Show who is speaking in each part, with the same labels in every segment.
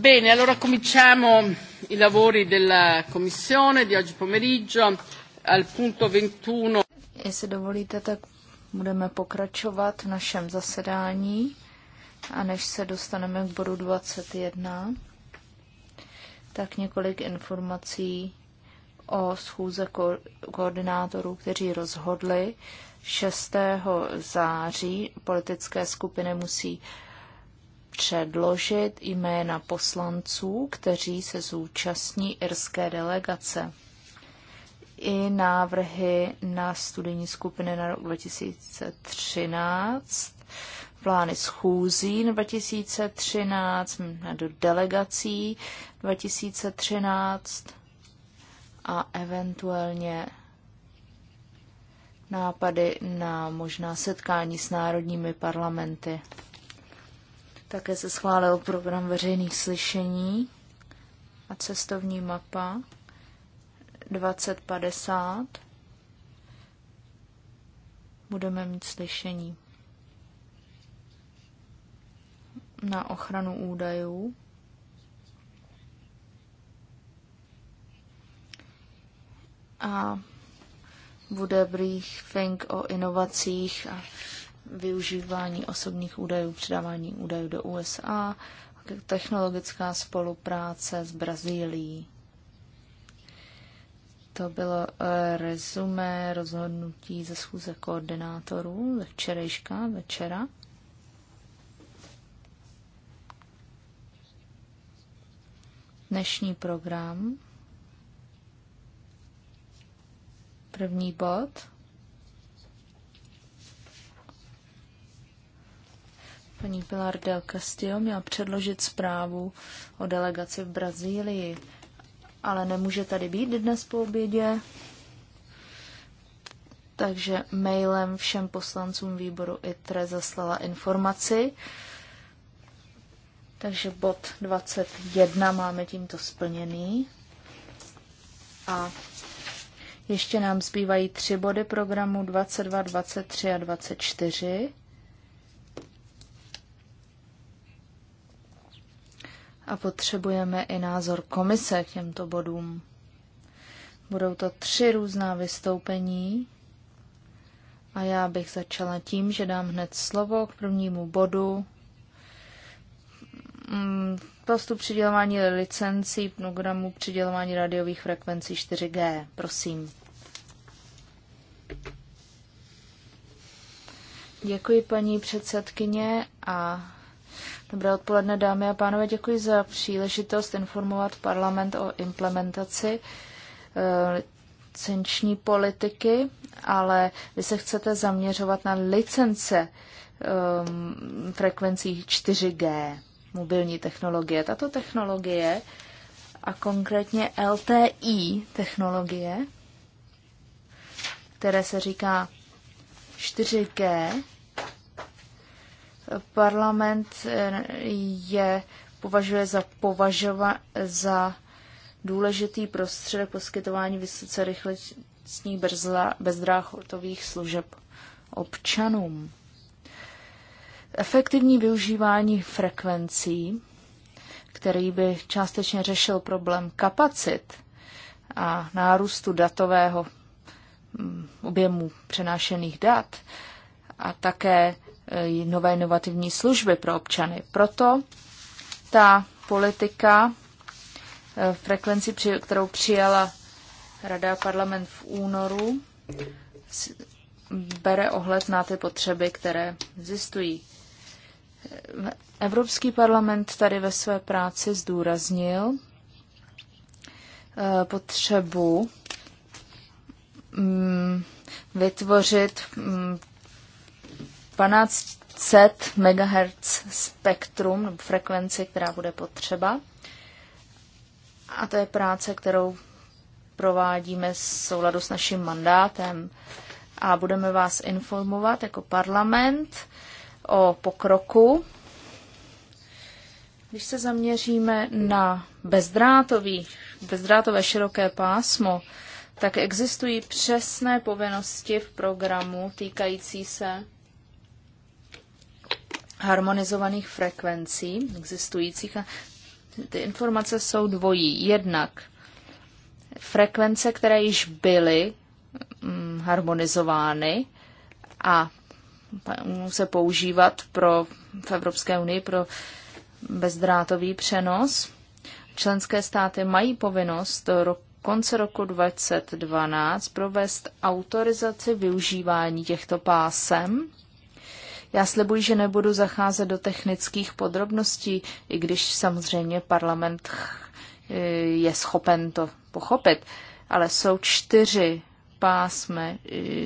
Speaker 1: Bene, allora cominciamo i lavori della
Speaker 2: Commissione di oggi pomeriggio al punto 21. E se dovolite, tak budeme pokračovat v našem zasedání a než se dostaneme k bodu 21, tak několik informací o schůze ko- koordinátorů, kteří rozhodli. 6. září politické skupiny musí uh, předložit jména poslanců, kteří se zúčastní irské delegace i návrhy na studijní skupiny na rok 2013, plány schůzí na 2013, do delegací 2013 a eventuálně nápady na možná setkání s národními parlamenty. Také se schválil program veřejných slyšení a cestovní mapa 2050. Budeme mít slyšení na ochranu údajů. A bude briefing o inovacích a využívání osobních údajů, předávání údajů do USA, technologická spolupráce s Brazílií. To bylo eh, rezumé rozhodnutí ze schůze koordinátorů ze včerejška večera. Dnešní program. První bod. Paní Pilar del Castillo měla předložit zprávu o delegaci v Brazílii, ale nemůže tady být dnes po obědě, takže mailem všem poslancům výboru ITRE zaslala informaci. Takže bod 21 máme tímto splněný. A ještě nám zbývají tři body programu 22, 23 a 24. a potřebujeme i názor komise k těmto bodům. Budou to tři různá vystoupení a já bych začala tím, že dám hned slovo k prvnímu bodu. Mm, postup přidělování licencí programu přidělování radiových frekvencí 4G. Prosím. Děkuji paní předsedkyně a Dobré odpoledne, dámy a pánové. Děkuji za příležitost informovat parlament o implementaci eh, licenční politiky, ale vy se chcete zaměřovat na licence ehm, frekvencí 4G, mobilní technologie. Tato technologie a konkrétně LTI technologie, které se říká 4G, Parlament eh, je považuje za, považova, za důležitý prostředek poskytování vysoce rychlostních bezdráchotových služeb občanům. Efektivní využívání frekvencí, který by částečně řešil problém kapacit a nárůstu datového mm, objemu přenášených dat a také Eh, nové inovativní služby pro občany. Proto ta politika v eh, frekvenci, kterou přijala Rada parlament v únoru, bere ohled na ty potřeby, které existují. Eh, Evropský parlament tady ve své práci zdůraznil potřebu mm, vytvořit mm, 1200 MHz spektrum nebo frekvenci, která bude potřeba. A to je práce, kterou provádíme v souladu s naším mandátem. A budeme vás informovat jako parlament o pokroku. Když se zaměříme na bezdrátový, bezdrátové široké pásmo, tak existují přesné povinnosti v programu týkající se harmonizovaných frekvencí existujících a ty informace jsou dvojí. Jednak frekvence, které již byly mm, harmonizovány a se používat pro, v Evropské unii pro bezdrátový přenos. Členské státy mají povinnost do ro- konce roku 2012 provést autorizaci využívání těchto pásem já slibuji, že nebudu zacházet do technických podrobností, i když samozřejmě parlament eh, je schopen to pochopit, ale jsou čtyři pásme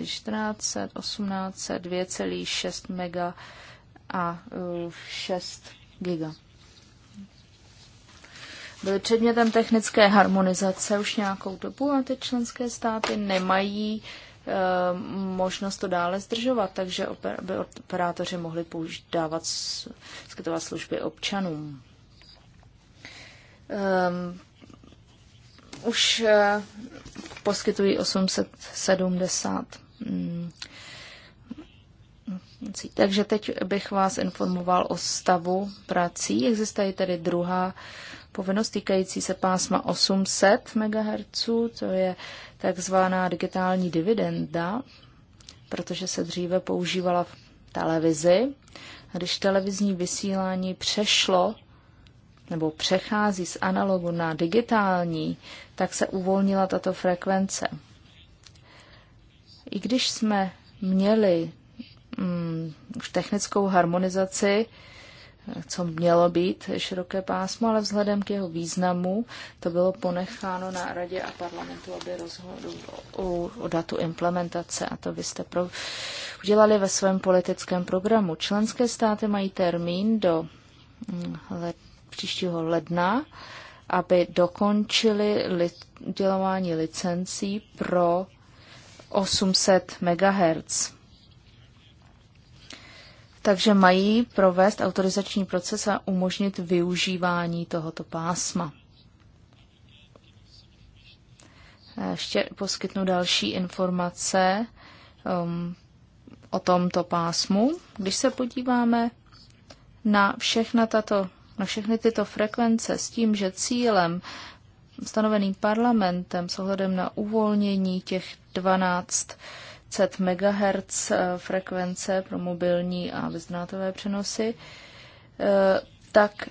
Speaker 2: 14, 18, 2,6 mega a 6 eh, giga. Byly předmětem technické harmonizace už nějakou dobu a ty členské státy nemají uh, Eh, možnost to dále zdržovat, takže by operátoři mohli použít, dávat, skytovat služby občanům. Ehm, už eh, poskytují 870 mm, takže teď bych vás informoval o stavu prací. Existuje tedy druhá povinnost týkající se pásma 800 MHz, to je takzvaná digitální dividenda, protože se dříve používala v televizi. A když televizní vysílání přešlo nebo přechází z analogu na digitální, tak se uvolnila tato frekvence. I když jsme měli mm, už technickou harmonizaci, co mělo být široké pásmo, ale vzhledem k jeho významu to bylo ponecháno na radě a parlamentu, aby rozhodl o, o datu implementace. A to vy jste pro, udělali ve svém politickém programu. Členské státy mají termín do mm, led, příštího ledna, aby dokončili li, udělování licencí pro 800 MHz takže mají provést autorizační proces a umožnit využívání tohoto pásma. Ještě poskytnu další informace um, o tomto pásmu. Když se podíváme na, všechna tato, na všechny tyto frekvence s tím, že cílem stanoveným parlamentem s ohledem na uvolnění těch 12 MHz eh, frekvence pro mobilní a bezdrátové přenosy, eh, tak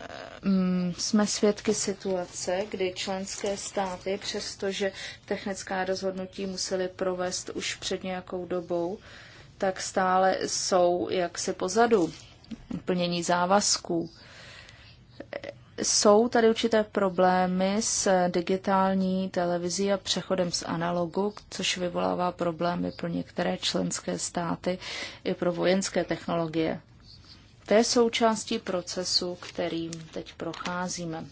Speaker 2: eh, mm, jsme svědky situace, kdy členské státy, přestože technická rozhodnutí museli provést už před nějakou dobou, tak stále jsou jaksi pozadu plnění závazků jsou tady určité problémy s digitální televizí a přechodem z analogu, což vyvolává problémy pro některé členské státy i pro vojenské technologie. To je součástí procesu, kterým teď procházíme.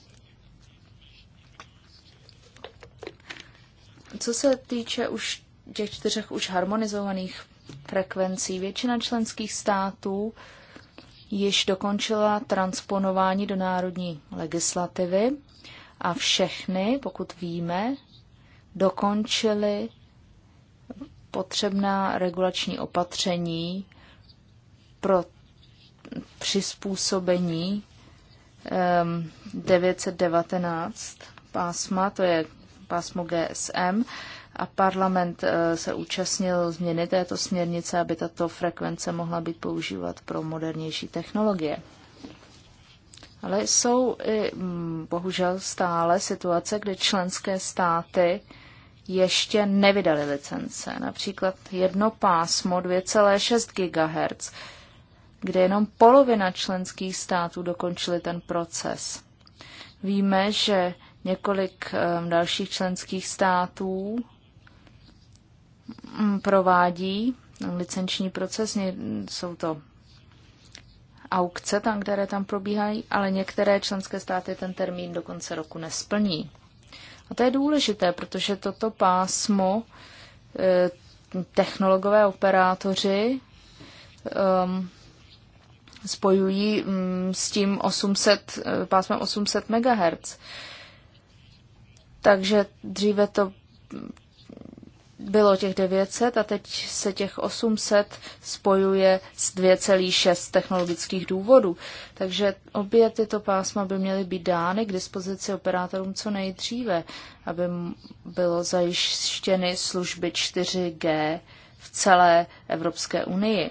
Speaker 2: Co se týče už těch čtyřech už harmonizovaných frekvencí, většina členských států uh, již dokončila transponování do národní legislativy a všechny, pokud víme, dokončily potřebná regulační opatření pro přizpůsobení 919 ehm, pásma, to je pásmo GSM, a parlament eh, se účastnil změny této směrnice, aby tato frekvence mohla být používat pro modernější technologie. Ale jsou i mm, bohužel stále situace, kde členské státy ještě nevydali licence. Například jedno pásmo 2,6 GHz, kde jenom polovina členských států dokončili ten proces. Víme, že několik eh, dalších členských států Mm, provádí licenční proces, jsou to aukce, tam, které tam probíhají, ale některé členské státy ten termín do konce roku nesplní. A to je důležité, protože toto pásmo e, technologové operátoři um, spojují mm, s tím 800, e, pásmem 800 MHz. Takže dříve to bylo těch 900 a teď se těch 800 spojuje s 2,6 technologických důvodů. Takže obě tyto pásma by měly být dány k dispozici operátorům co nejdříve, aby bylo zajištěny služby 4G v celé Evropské unii.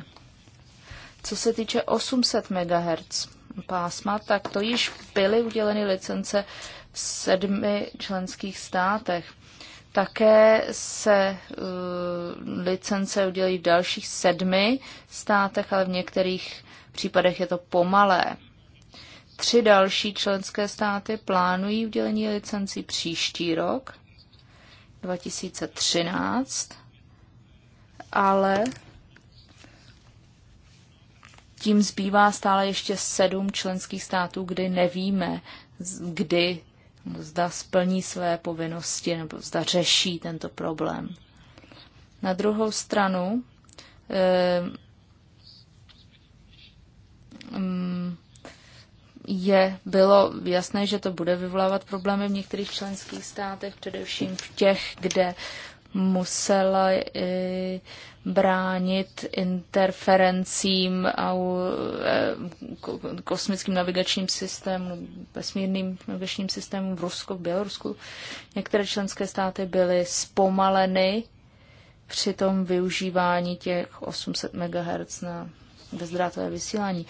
Speaker 2: Co se týče 800 MHz pásma, tak to již byly uděleny licence v sedmi členských státech také se uh, licence udělí v dalších sedmi státech, ale v některých případech je to pomalé. Tři další členské státy plánují udělení licencí příští rok, 2013, ale tím zbývá stále ještě sedm členských států, kdy nevíme, kdy zda splní své povinnosti nebo zda řeší tento problém. Na druhou stranu, eh, mm, je, bylo jasné, že to bude vyvolávat problémy v některých členských státech, především v těch, kde musela eh, bránit interferencím a u eh, kosmickým navigačním systémům, vesmírným navigačním systémům v Rusku, v Bělorusku. Některé členské státy byly zpomaleny při tom využívání těch 800 MHz na bezdrátové vysílání.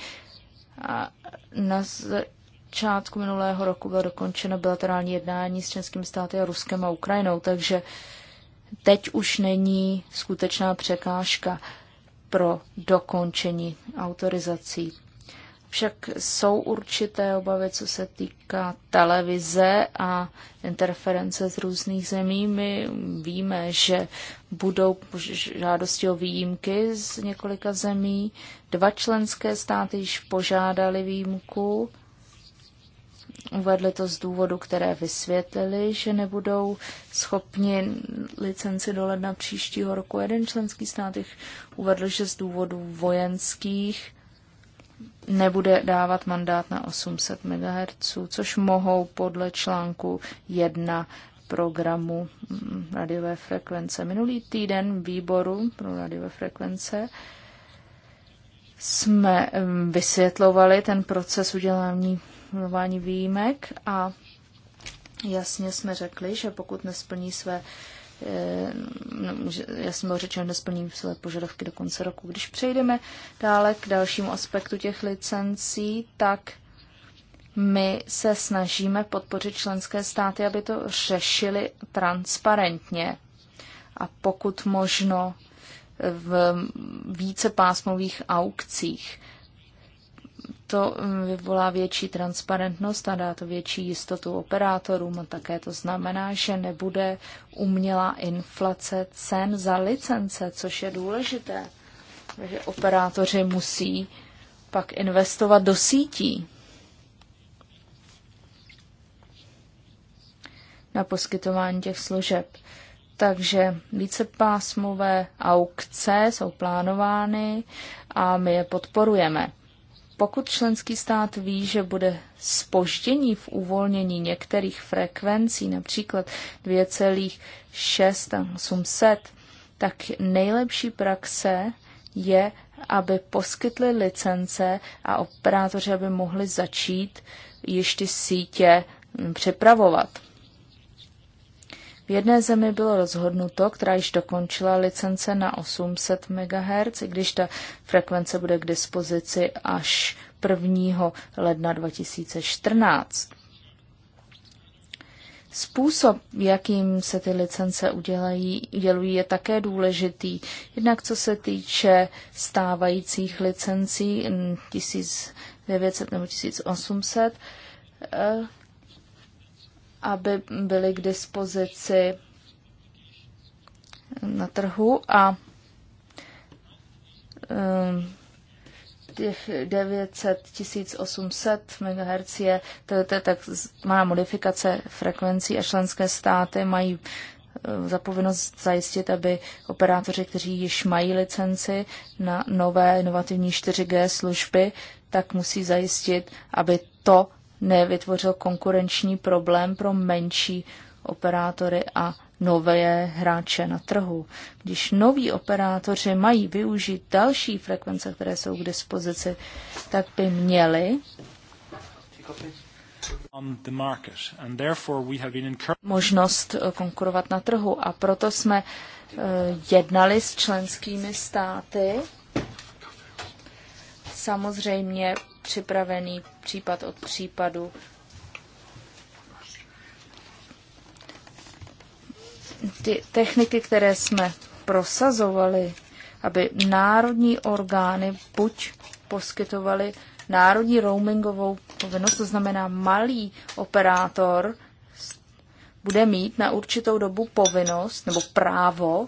Speaker 2: A na začátku minulého roku bylo dokončeno bilaterální jednání s členskými státy a Ruskem a Ukrajinou, takže teď už není skutečná překážka pro dokončení autorizací. Však jsou určité obavy, co se týká televize a interference z různých zemí. My víme, že budou žádosti o výjimky z několika zemí. Dva členské státy již požádali výjimku Uvedli to z důvodu, které vysvětlili, že nebudou schopni licenci do ledna příštího roku. Jeden členský stát jich uvedl, že z důvodu vojenských nebude dávat mandát na 800 MHz, což mohou podle článku 1 programu radiové frekvence. Minulý týden výboru pro radiové frekvence jsme mm, vysvětlovali ten proces udělání uznávání výjimek a jasně jsme řekli, že pokud nesplní své eh, no, jsem byl řečeno, nesplním své požadavky do konce roku. Když přejdeme dále k dalšímu aspektu těch licencí, tak my se snažíme podpořit členské státy, aby to řešili transparentně a pokud možno v více pásmových aukcích to mm, vyvolá větší transparentnost a dá to větší jistotu operátorům také to znamená, že nebude umělá inflace cen za licence, což je důležité, takže operátoři musí pak investovat do sítí na poskytování těch služeb. Takže vícepásmové aukce jsou plánovány a my je podporujeme. Pokud členský stát ví, že bude spoždění v uvolnění některých frekvencí, například 2,600, tak nejlepší praxe je, aby poskytli licence a operátoři, aby mohli začít již ty sítě přepravovat. V jedné zemi bylo rozhodnuto, která již dokončila licence na 800 MHz, i když ta frekvence bude k dispozici až 1. ledna 2014. Způsob, jakým se ty licence udělají, udělují, je také důležitý. Jednak co se týče stávajících licencí 1900 nebo 1800, aby byly k dispozici na trhu a ehm, těch 900 1800 MHz je, to, to je tak má modifikace frekvencí a členské státy mají ehm, za povinnost zajistit, aby operátoři, kteří již mají licenci na nové inovativní 4G služby, tak musí zajistit, aby to nevytvořil konkurenční problém pro menší operátory a nové hráče na trhu. Když noví operátoři mají využít další frekvence, které jsou k dispozici, tak by měli možnost eh, konkurovat na trhu. A proto jsme eh, jednali s členskými státy. Samozřejmě připravený případ od případu. Ty techniky, které jsme prosazovali, aby národní orgány buď poskytovaly národní roamingovou povinnost, to znamená malý operátor bude mít na určitou dobu povinnost nebo právo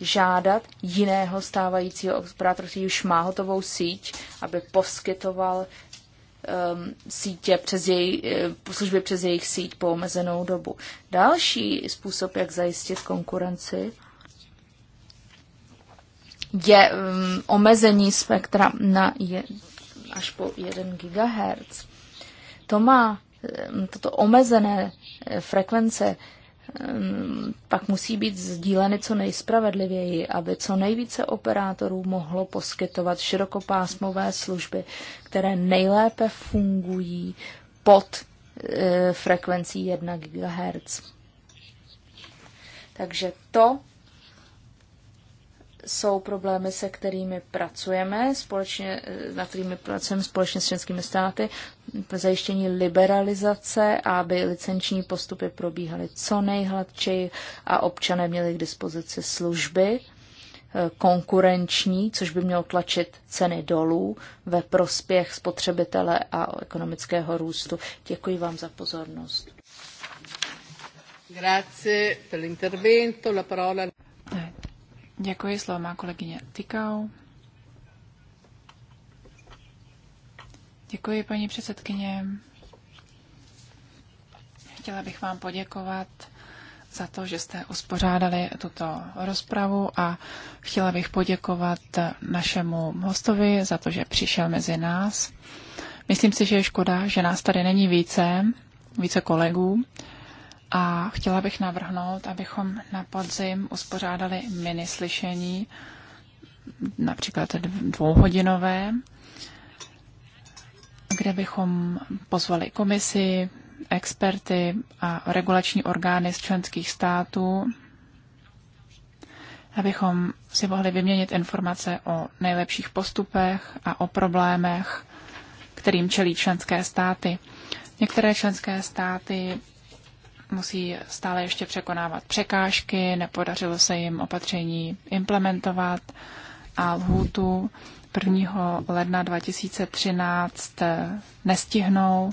Speaker 2: žádat jiného stávajícího operátora, který už má hotovou síť, aby poskytoval um, sítě přes jej, eh, služby přes jejich síť po omezenou dobu. Další způsob, jak zajistit konkurenci, je um, omezení spektra na je, až po 1 GHz. To má eh, toto omezené eh, frekvence pak musí být sdíleny co nejspravedlivěji, aby co nejvíce operátorů mohlo poskytovat širokopásmové služby, které nejlépe fungují pod eh, frekvencí 1 GHz. Takže to jsou problémy, se kterými pracujeme, společně, eh, na kterými pracujeme společně s členskými státy, zajištění liberalizace, aby licenční postupy probíhaly co nejhladčeji a občané měli k dispozici služby eh, konkurenční, což by mělo tlačit ceny dolů ve prospěch spotřebitele a ekonomického
Speaker 1: růstu. Děkuji vám za pozornost. Grazie per l'intervento. La parola Děkuji, slovo má kolegyně Tykau. Děkuji, paní předsedkyně. Chtěla bych vám poděkovat za to, že jste uspořádali tuto rozpravu a chtěla bych poděkovat našemu hostovi za to, že přišel mezi nás. Myslím si, že je škoda, že nás tady není více, více kolegů, a chtěla bych navrhnout, abychom na podzim uspořádali mini slyšení, například dvouhodinové, kde bychom pozvali komisi, experty a regulační orgány z členských států, abychom si mohli vyměnit informace o nejlepších postupech a o problémech, kterým čelí členské státy. Některé členské státy musí stále ještě překonávat překážky, nepodařilo se jim opatření implementovat a lhůtu 1. ledna 2013 eh, nestihnou.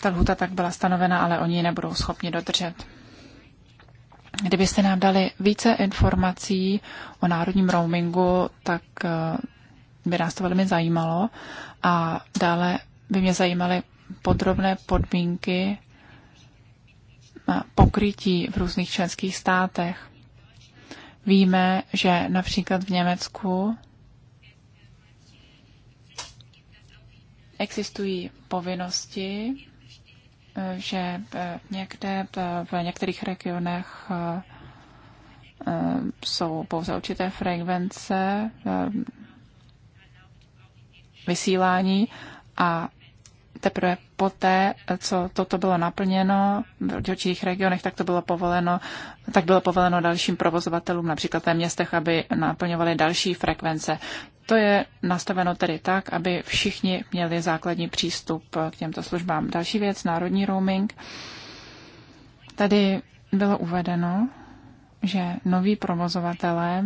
Speaker 1: Ta lhůta tak byla stanovena, ale oni ji nebudou schopni dodržet. Kdybyste nám dali více informací o národním roamingu, tak eh, by nás to velmi zajímalo. A dále by mě zajímaly podrobné podmínky pokrytí v různých členských státech. Víme, že například v Německu existují povinnosti, že někde v některých regionech eh, jsou pouze určité frekvence eh, vysílání a teprve poté, co toto bylo naplněno v dělčích regionech, tak to bylo povoleno, tak bylo povoleno dalším provozovatelům, například ve městech, aby naplňovali další frekvence. To je nastaveno tedy tak, aby všichni měli základní přístup k těmto službám. Další věc, národní roaming. Tady bylo uvedeno, že noví provozovatelé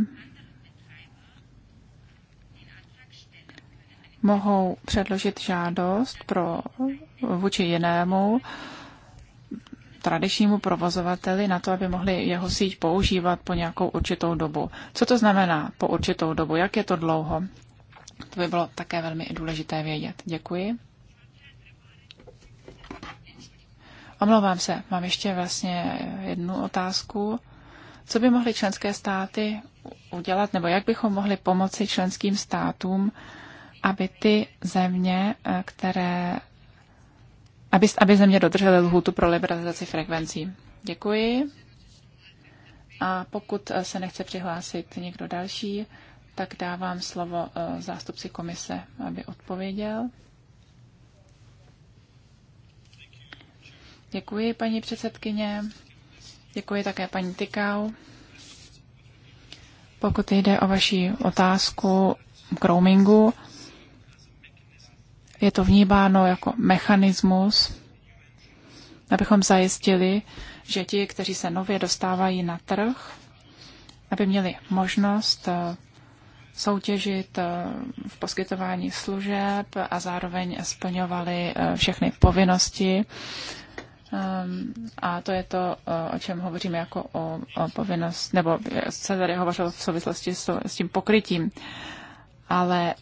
Speaker 1: mohou předložit žádost pro vůči jinému tradičnímu provozovateli na to, aby mohli jeho síť používat po nějakou určitou dobu. Co to znamená po určitou dobu? Jak je to dlouho? To by bylo také velmi důležité vědět. Děkuji. Omlouvám se, mám ještě vlastně jednu otázku. Co by mohly členské státy udělat, nebo jak bychom mohli pomoci členským státům aby ty země, eh, které aby, aby země dodržely lhůtu pro liberalizaci frekvencí. Děkuji. A pokud eh, se nechce přihlásit někdo další, tak dávám slovo eh, zástupci komise, aby odpověděl. Děkuji, paní předsedkyně. Děkuji také paní Tykau. Pokud jde o vaši otázku k roamingu, je to vnímáno jako mechanismus, abychom zajistili, že ti, kteří se nově dostávají na trh, aby měli možnost eh, soutěžit eh, v poskytování služeb a zároveň splňovali eh, všechny povinnosti. Ehm, a to je to, o čem hovoříme jako o, o povinnost, nebo se tady hovořilo v souvislosti s tím pokrytím. Ale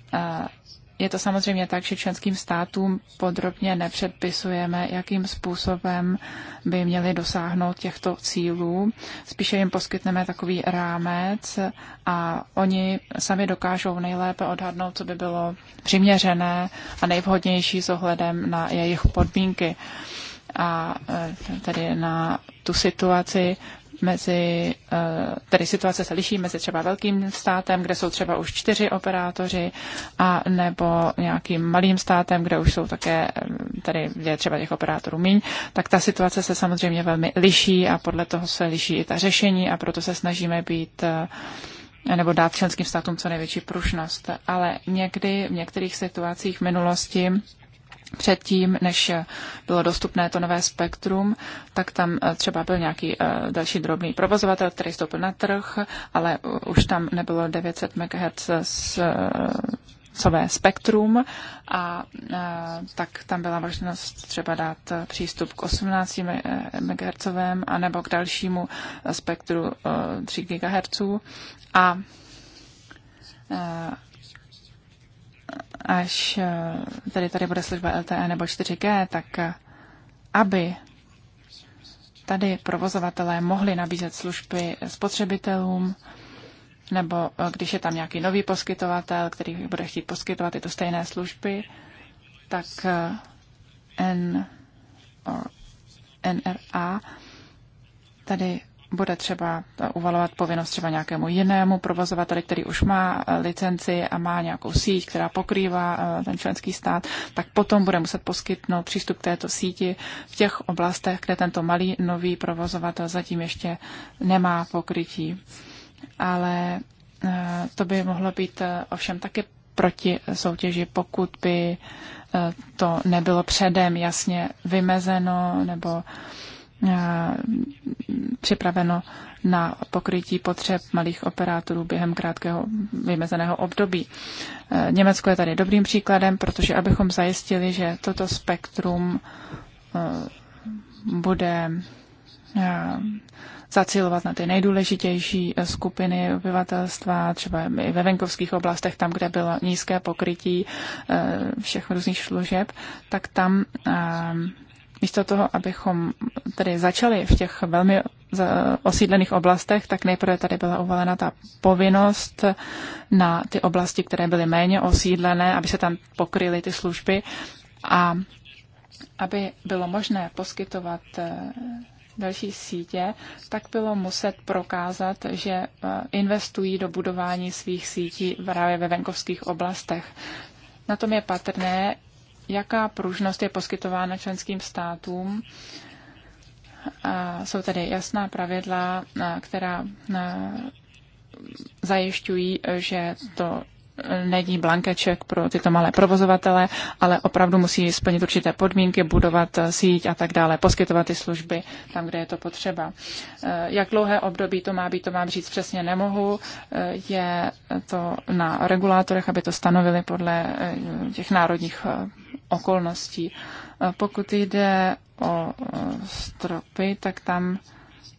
Speaker 1: je to samozřejmě tak, že členským státům podrobně nepředpisujeme, jakým způsobem by měli dosáhnout těchto cílů. Spíše jim poskytneme takový rámec a oni sami dokážou nejlépe odhadnout, co by bylo přiměřené a nejvhodnější s ohledem na jejich podmínky a e, tedy na tu situaci, mezi, eh, tedy situace se liší mezi třeba velkým státem, kde jsou třeba už čtyři operátoři, a nebo nějakým malým státem, kde už jsou také, eh, tady je třeba těch operátorů míň, tak ta situace se samozřejmě velmi liší a podle toho se liší i ta řešení a proto se snažíme být eh, nebo dát členským státům co největší prušnost. Ale někdy v některých situacích v minulosti předtím, než bylo dostupné to nové spektrum, tak tam eh, třeba byl nějaký eh, další drobný provozovatel, který vstoupil na trh, ale eh, už tam nebylo 900 MHz s spektrum a tak tam byla možnost třeba dát přístup k 18 MHz anebo k dalšímu spektru 3 GHz a až eh, tady tady bude služba LTE nebo 4G, tak eh, aby tady provozovatelé mohli nabízet služby spotřebitelům, nebo eh, když je tam nějaký nový poskytovatel, který bude chtít poskytovat tyto stejné služby, tak N, or NRA tady bude třeba uvalovat povinnost třeba nějakému jinému provozovateli, který už má eh, licenci a má nějakou síť, která pokrývá eh, ten členský stát, tak potom bude muset poskytnout přístup k této síti v těch oblastech, kde tento malý nový provozovatel zatím ještě nemá pokrytí. Ale eh, to by mohlo být ovšem taky proti soutěži, pokud by to nebylo předem jasně vymezeno nebo uh, Eh, připraveno na pokrytí potřeb malých operátorů během krátkého vymezeného období. Eh, Německo je tady dobrým příkladem, protože abychom zajistili, že toto spektrum eh, bude zacílovat na ty nejdůležitější skupiny obyvatelstva, třeba i ve venkovských oblastech, tam, kde bylo nízké pokrytí všech různých služeb, tak tam místo toho, abychom tady začali v těch velmi eh, osídlených oblastech, tak nejprve tady byla uvalena ta povinnost na ty oblasti, které byly méně osídlené, aby se tam pokryly ty služby a aby bylo možné poskytovat eh, další sítě, tak bylo muset prokázat, že eh, investují do budování svých sítí právě ve venkovských oblastech. Na tom je patrné, jaká pružnost je poskytována členským státům. A jsou tady jasná pravidla, která zajišťují, že to není blankeček pro tyto malé provozovatele, ale opravdu musí splnit určité podmínky, budovat síť a tak dále, poskytovat ty služby tam, kde je to potřeba. Jak dlouhé období to má být, to mám říct přesně nemohu. Je to na regulátorech, aby to stanovili podle těch národních okolností. Pokud jde o e, stropy, tak tam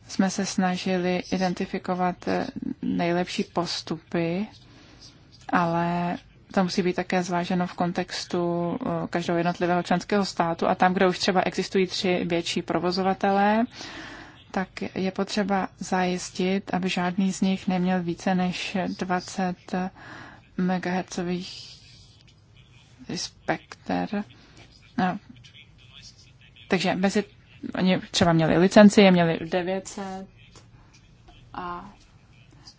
Speaker 1: jsme se snažili identifikovat e, nejlepší postupy, ale to musí být také zváženo v kontextu e, každého jednotlivého členského státu a tam, kde už třeba existují tři větší provozovatelé, tak je potřeba zajistit, aby žádný z nich neměl více než 20 MHz Specter. No. Takže mezi, oni třeba měli licenci, měli 900 a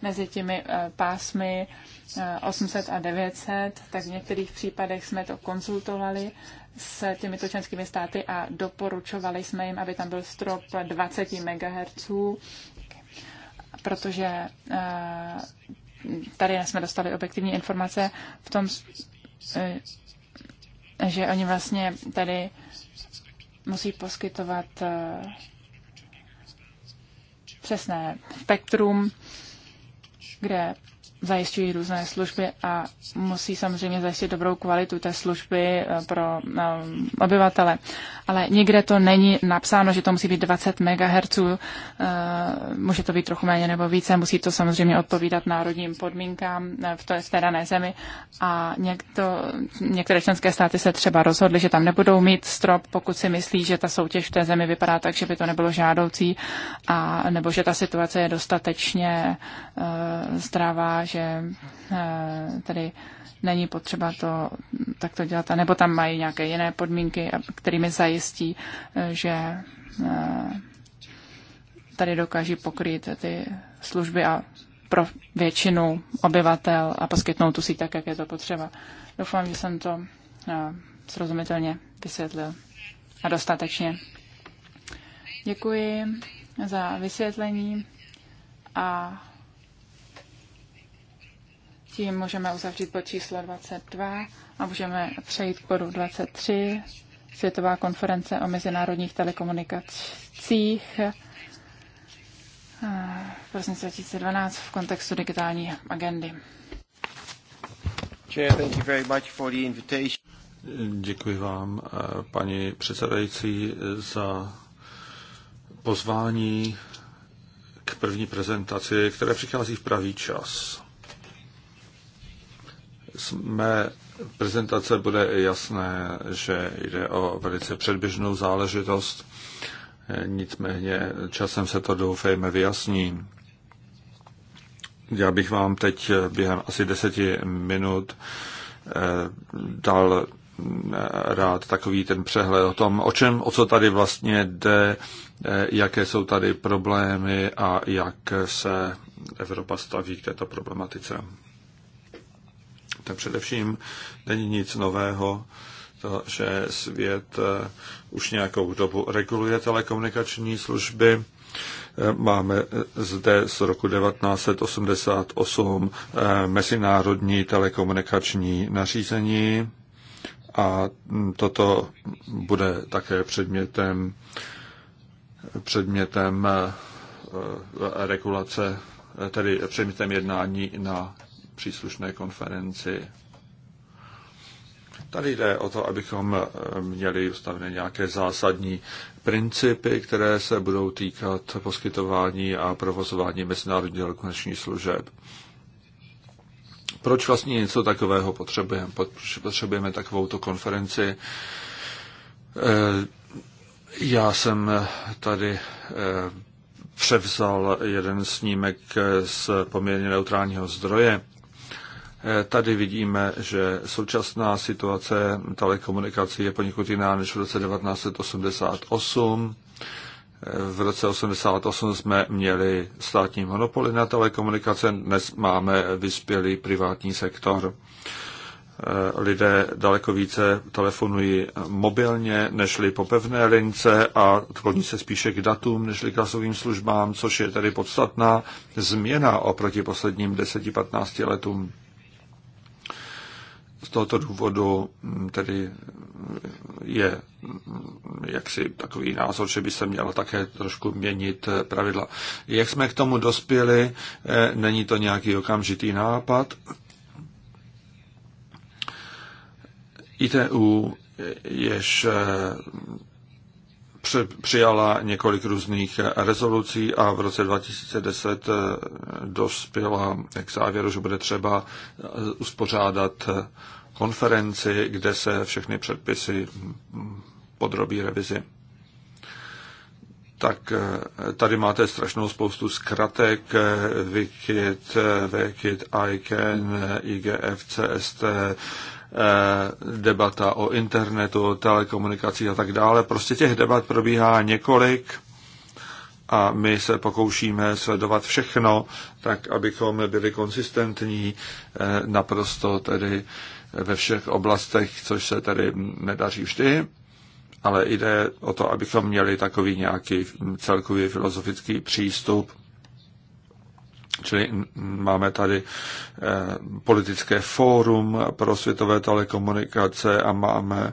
Speaker 1: mezi těmi eh, pásmy 800 eh, a 900, tak v některých případech jsme to konzultovali s těmito členskými státy a doporučovali jsme jim, aby tam byl strop 20 MHz, protože eh, tady jsme dostali objektivní informace v tom, že oni vlastně tady musí poskytovat eh, přesné spektrum, kde zajišťují různé služby a musí samozřejmě zajistit dobrou kvalitu té služby eh, pro eh, obyvatele. Ale nikde to není napsáno, že to musí být 20 MHz, eh, může to být trochu méně nebo více, musí to samozřejmě odpovídat národním podmínkám v té, v té dané zemi. A někdo, některé členské státy se třeba rozhodly, že tam nebudou mít strop, pokud si myslí, že ta soutěž v té zemi vypadá tak, že by to nebylo žádoucí, a, nebo že ta situace je dostatečně zdravá, že eh, tady není potřeba to takto dělat, nebo tam mají nějaké jiné podmínky, kterými zajistí, eh, že eh, tady dokáží pokrýt ty služby a pro většinu obyvatel a poskytnout tu síť tak, jak je to potřeba. Doufám, že jsem to srozumitelně vysvětlil a dostatečně. Děkuji za vysvětlení a tím můžeme uzavřít bod číslo 22 a můžeme přejít k bodu 23. Světová konference o mezinárodních telekomunikacích v roce 2012 v kontextu digitální agendy.
Speaker 3: Děkuji vám, eh, paní předsedající, za pozvání k první prezentaci, která přichází v pravý čas. Z mé prezentace bude jasné, že jde o velice předběžnou záležitost, nicméně časem se to doufejme vyjasní. Já bych vám teď během asi deseti minut eh, dal eh, rád takový ten přehled o tom, o čem, o co tady vlastně jde, eh, jaké jsou tady problémy a jak se Evropa staví k této problematice. Tak především není nic nového, to, že svět eh, už nějakou dobu reguluje telekomunikační služby. Eh, máme eh, zde z roku 1988 mezinárodní telekomunikační nařízení a hm, toto bude také předmětem, předmětem regulace, tedy předmětem jednání na příslušné konferenci. Tady jde o to, abychom eh, měli ustavené nějaké zásadní principy, které se budou týkat poskytování a provozování mezinárodních rekonečních služeb. Proč vlastně něco takového potřebujeme? Proč potřebujeme takovouto konferenci? Eh, já jsem tady eh, převzal jeden snímek z poměrně neutrálního zdroje Tady vidíme, že současná situace telekomunikací je poněkud jiná než v roce 1988. V roce 1988 jsme měli státní monopoly na telekomunikace, dnes máme vyspělý privátní sektor. Lidé daleko více telefonují mobilně, nežli po pevné lince a kloní se spíše k datům, nežli k hlasovým službám, což je tedy podstatná změna oproti posledním 10-15 letům z tohoto důvodu mm, tedy mm, je mm, jaksi takový názor, že by se měla také trošku měnit eh, pravidla. Jak jsme k tomu dospěli, eh, není to nějaký okamžitý nápad. ITU, eh, jež přijala několik různých rezolucí a v roce 2010 eh, dospěla k závěru, že bude třeba eh, uspořádat eh, konferenci, kde se všechny předpisy mm, podrobí revizi. Tak tady máte strašnou spoustu zkratek, Wikid, Wikid, ICANN, IGF, CST, Eh, debata o internetu, o telekomunikacích a tak dále. Prostě těch debat probíhá několik a my se pokoušíme sledovat všechno, tak abychom byli konsistentní eh, naprosto tedy ve všech oblastech, což se tedy nedaří vždy, ale jde o to, abychom měli takový nějaký celkový filozofický přístup Čili máme tady eh, politické fórum pro světové telekomunikace a máme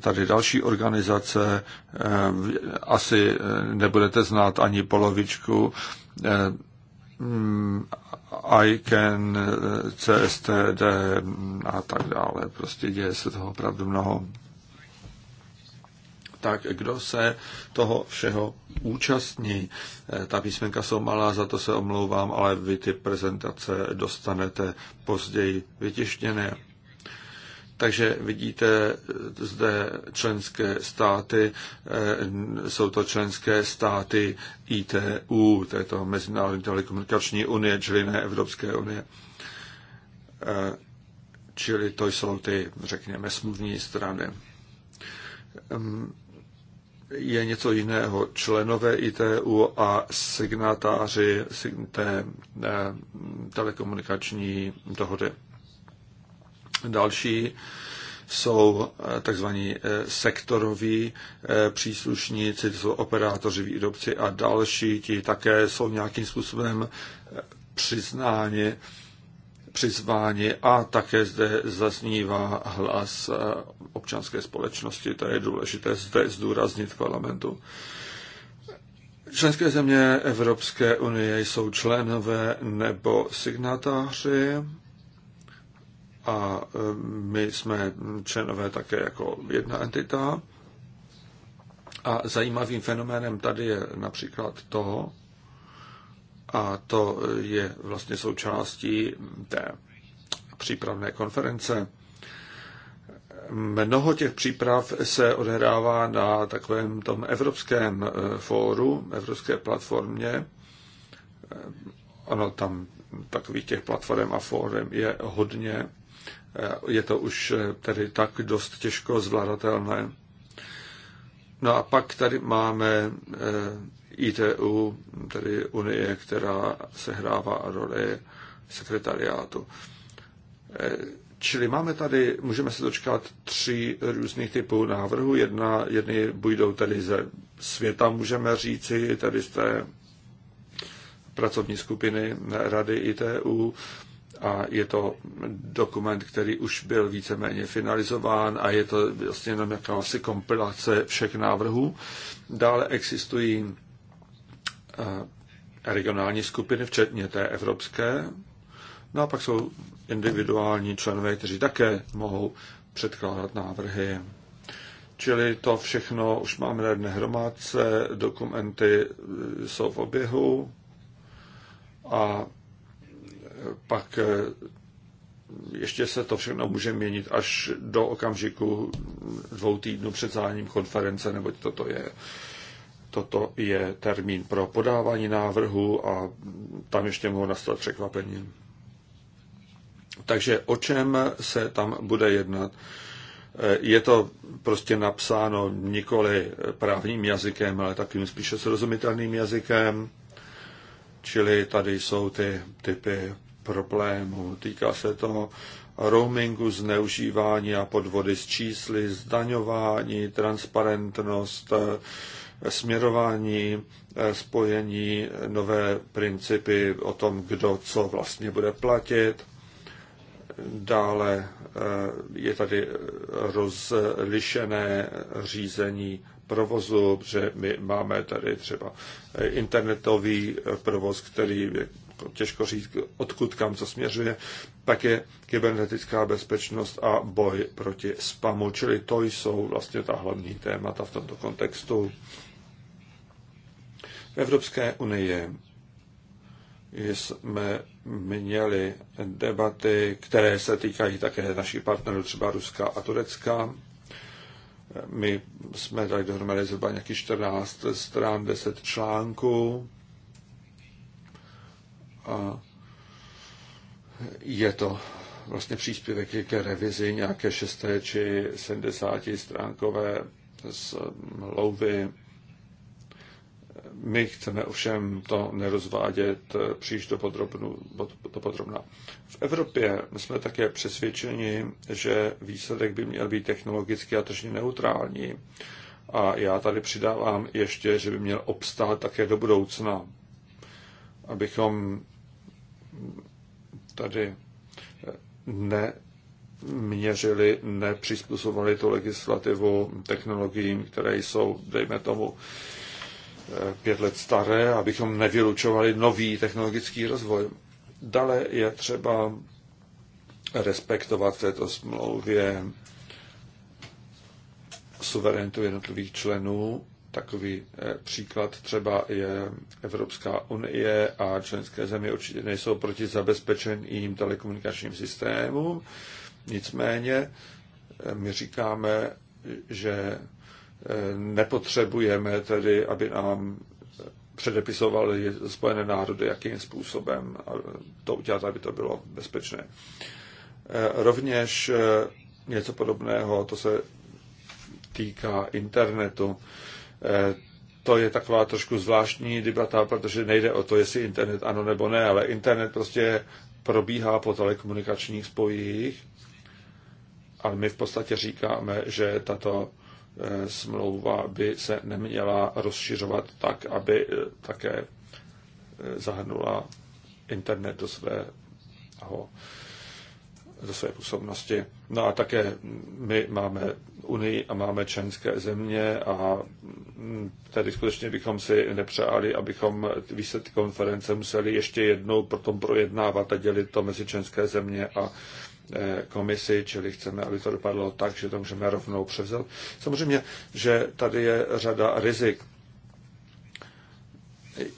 Speaker 3: tady další organizace, eh, asi eh, nebudete znát ani polovičku, mm, ICANN, CSTD mm, a tak dále. Prostě děje se toho opravdu mnoho tak kdo se toho všeho účastní. Eh, ta písmenka jsou malá, za to se omlouvám, ale vy ty prezentace dostanete později vytištěné. Takže vidíte eh, zde členské státy, eh, jsou to členské státy ITU, to je to Mezinárodní telekomunikační unie, čili ne Evropské unie. Čili to jsou ty, řekněme, smluvní strany. Ehm, je něco jiného. Členové ITU a signatáři té eh, telekomunikační dohody. Další jsou eh, tzv. Eh, sektoroví příslušníci, to jsou operátoři, výrobci a další, ti také jsou nějakým způsobem přiznáni přizváni a také zde zaznívá hlas občanské společnosti. To je důležité zde zdůraznit v parlamentu. Členské země Evropské unie jsou členové nebo signatáři a eh, my jsme členové také jako jedna entita. A zajímavým fenoménem tady je například to, a to je vlastně součástí té přípravné konference. Mnoho těch příprav se odehrává na takovém tom evropském eh, fóru, evropské platformě. Ono tam takových těch platform a fórem je hodně. Eh, je to už eh, tedy tak dost těžko zvladatelné. No a pak tady máme ITU, tedy Unie, která sehrává roli sekretariátu. E, čili máme tady, můžeme se dočkat tři různých typů návrhů. Jedna, jedny budou tedy ze světa, můžeme říci, tedy z té pracovní skupiny Rady ITU a je to dokument, který už byl víceméně finalizován a je to vlastně jenom jakási kompilace všech návrhů. Dále existují regionální skupiny, včetně té evropské. No a pak jsou individuální členové, kteří také mohou předkládat návrhy. Čili to všechno už máme na jedné hromádce, dokumenty e, jsou v oběhu a pak e, ještě se to všechno může měnit až do okamžiku dvou týdnů před záním konference, neboť toto je Toto je termín pro podávání návrhu a tam ještě mohou nastat překvapení. Takže o čem se tam bude jednat? Eh, je to prostě napsáno nikoli právním jazykem, ale takovým spíše srozumitelným jazykem. Čili tady jsou ty typy problémů. Týká se to roamingu, zneužívání a podvody s čísly, zdaňování, transparentnost, směrování, eh, spojení, nové principy o tom, kdo co vlastně bude platit. Dále eh, je tady rozlišené řízení provozu, že my máme tady třeba eh, internetový provoz, který je jako těžko říct, odkud kam co směřuje, pak je kybernetická bezpečnost a boj proti spamu, čili to jsou vlastně ta hlavní témata v tomto kontextu. V Evropské unii jsme měli debaty, které se týkají také našich partnerů, třeba Ruska a Turecka. My jsme tady dohromady zhruba nějakých 14 stran, 10 článků. A je to vlastně příspěvek k revizi nějaké 6. či 70 stránkové smlouvy my chceme ovšem to nerozvádět příliš do, podrobnu, do podrobna. V Evropě jsme také přesvědčeni, že výsledek by měl být technologicky a tržně neutrální. A já tady přidávám ještě, že by měl obstát také do budoucna, abychom tady neměřili, nepřizpůsobovali tu legislativu technologiím, které jsou, dejme tomu, pět let staré, abychom nevylučovali nový technologický rozvoj. Dále je třeba respektovat v této smlouvě suverenitu jednotlivých členů. Takový eh, příklad třeba je Evropská unie a členské země určitě nejsou proti zabezpečeným telekomunikačním systémům. Nicméně eh, my říkáme, že Nepotřebujeme tedy, aby nám předepisovali Spojené národy, jakým způsobem to udělat, aby to bylo bezpečné. Eh, rovněž eh, něco podobného, to se týká internetu. Eh, to je taková trošku zvláštní debata, protože nejde o to, jestli internet ano nebo ne, ale internet prostě probíhá po telekomunikačních spojích, ale my v podstatě říkáme, že tato Eh, smlouva by se neměla rozšiřovat tak, aby eh, také eh, zahrnula internet do svého do své působnosti. No a také my máme Unii a máme členské země a mm, tady skutečně bychom si nepřáli, abychom výsledky konference museli ještě jednou potom projednávat a dělit to mezi členské země a Eh, komisi, čili chceme, aby to dopadlo tak, že to můžeme rovnou převzat. Samozřejmě, že tady je řada rizik.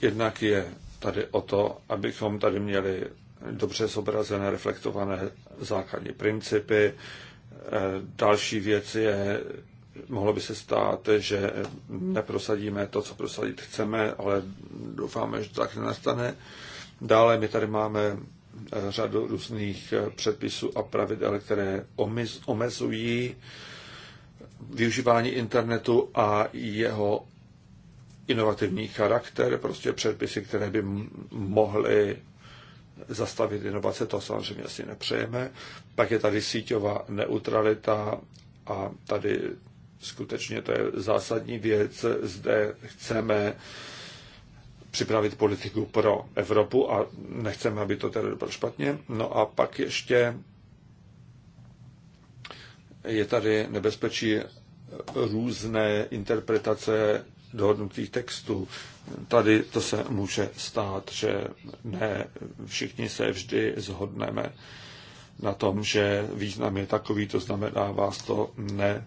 Speaker 3: Jednak je tady o to, abychom tady měli dobře zobrazené, reflektované základní principy. Eh, další věc je, mohlo by se stát, že neprosadíme to, co prosadit chceme, ale doufáme, že to tak nenastane. Dále my tady máme řadu různých eh, předpisů a pravidel, které omezují využívání internetu a jeho inovativní charakter, prostě předpisy, které by mohly zastavit inovace, to samozřejmě asi nepřejeme. Pak je tady síťová neutralita a tady skutečně to je zásadní věc. Zde chceme připravit politiku pro Evropu a nechceme, aby to tedy bylo špatně. No a pak ještě je tady nebezpečí různé interpretace dohodnutých textů. Tady to se může stát, že ne všichni se vždy zhodneme na tom, že význam je takový, to znamená, vás to ne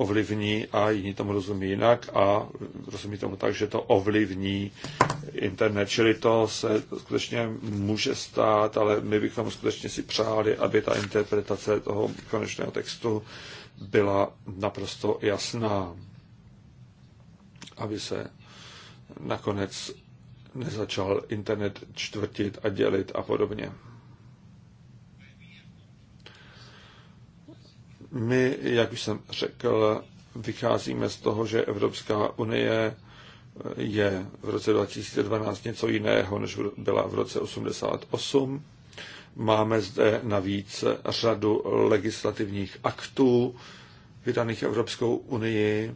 Speaker 3: ovlivní a jiní tomu rozumí jinak a rozumí tomu tak, že to ovlivní internet. Čili to se skutečně může stát, ale my bychom skutečně si přáli, aby ta interpretace toho konečného textu byla naprosto jasná, aby se nakonec nezačal internet čtvrtit a dělit a podobně. My, jak už jsem řekl, vycházíme z toho, že Evropská unie je v roce 2012 něco jiného, než byla v roce 88. Máme zde navíc řadu legislativních aktů vydaných Evropskou unii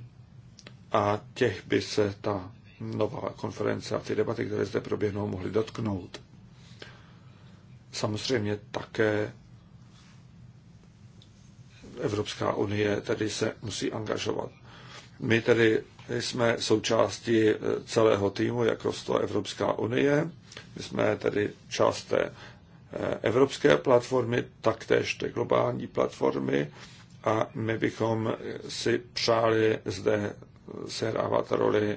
Speaker 3: a těch by se ta nová konference a ty debaty, které zde proběhnou, mohly dotknout. Samozřejmě také Evropská unie tedy se musí angažovat. My tedy jsme součástí eh, celého týmu, jako toho Evropská unie. My jsme tedy část té eh, evropské platformy, taktéž té globální platformy a my bychom si přáli zde sehrávat roli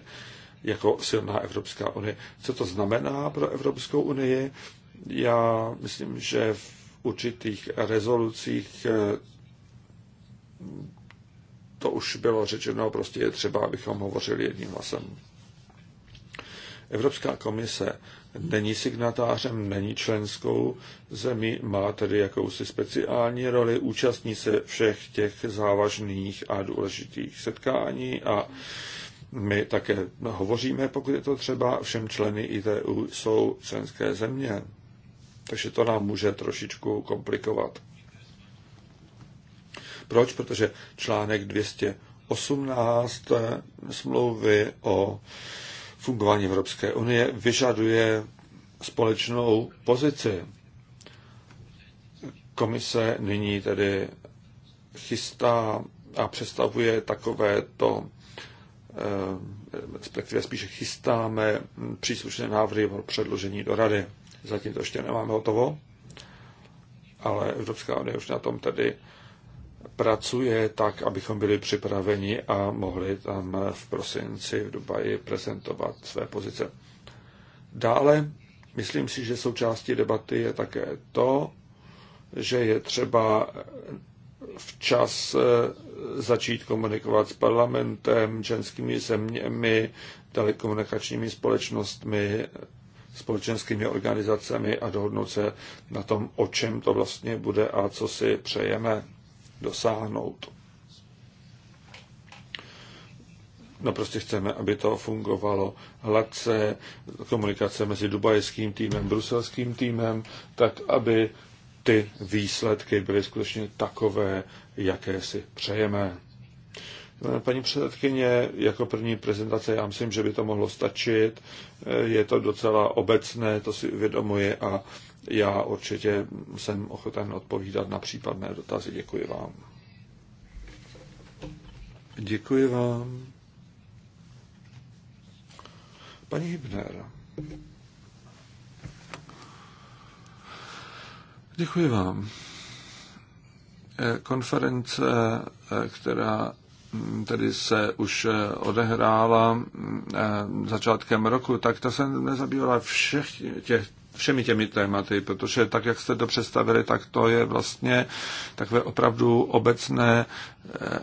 Speaker 3: jako silná Evropská unie. Co to znamená pro Evropskou unii? Já myslím, že v určitých rezolucích eh, to už bylo řečeno, prostě je třeba, abychom hovořili jedním hlasem. Evropská komise není signatářem, není členskou zemí, má tedy jakousi speciální roli, účastní se všech těch závažných a důležitých setkání a my také hovoříme, pokud je to třeba, všem členy ITU jsou členské země. Takže to nám může trošičku komplikovat. Proč? Protože článek 218 smlouvy o fungování Evropské unie vyžaduje společnou pozici. Komise nyní tedy chystá a představuje takovéto eh, respektive spíše chystáme příslušné návrhy pro předložení do rady. Zatím to ještě nemáme hotovo, ale Evropská unie už na tom tedy pracuje tak, abychom byli připraveni a mohli tam v prosinci v Dubaji prezentovat své pozice. Dále, myslím si, že součástí debaty je také to, že je třeba včas eh, začít komunikovat s parlamentem, ženskými zeměmi, telekomunikačními společnostmi, společenskými organizacemi a dohodnout se na tom, o čem to vlastně bude a co si přejeme dosáhnout. No prostě chceme, aby to fungovalo hladce, komunikace mezi dubajským týmem, bruselským týmem, tak aby ty výsledky byly skutečně takové, jaké si přejeme. No, paní předsedkyně, jako první prezentace, já myslím, že by to mohlo stačit. Je to docela obecné, to si uvědomuji a já určitě jsem ochoten odpovídat na případné dotazy. Děkuji vám. Děkuji vám. Paní Hybner. Děkuji vám. Eh, konference, eh, která hm, tedy se už eh, odehrála hm, začátkem roku, tak ta se nezabývala všech těch všemi těmi tématy, protože tak, jak jste to představili, tak to je vlastně takové opravdu obecné eh,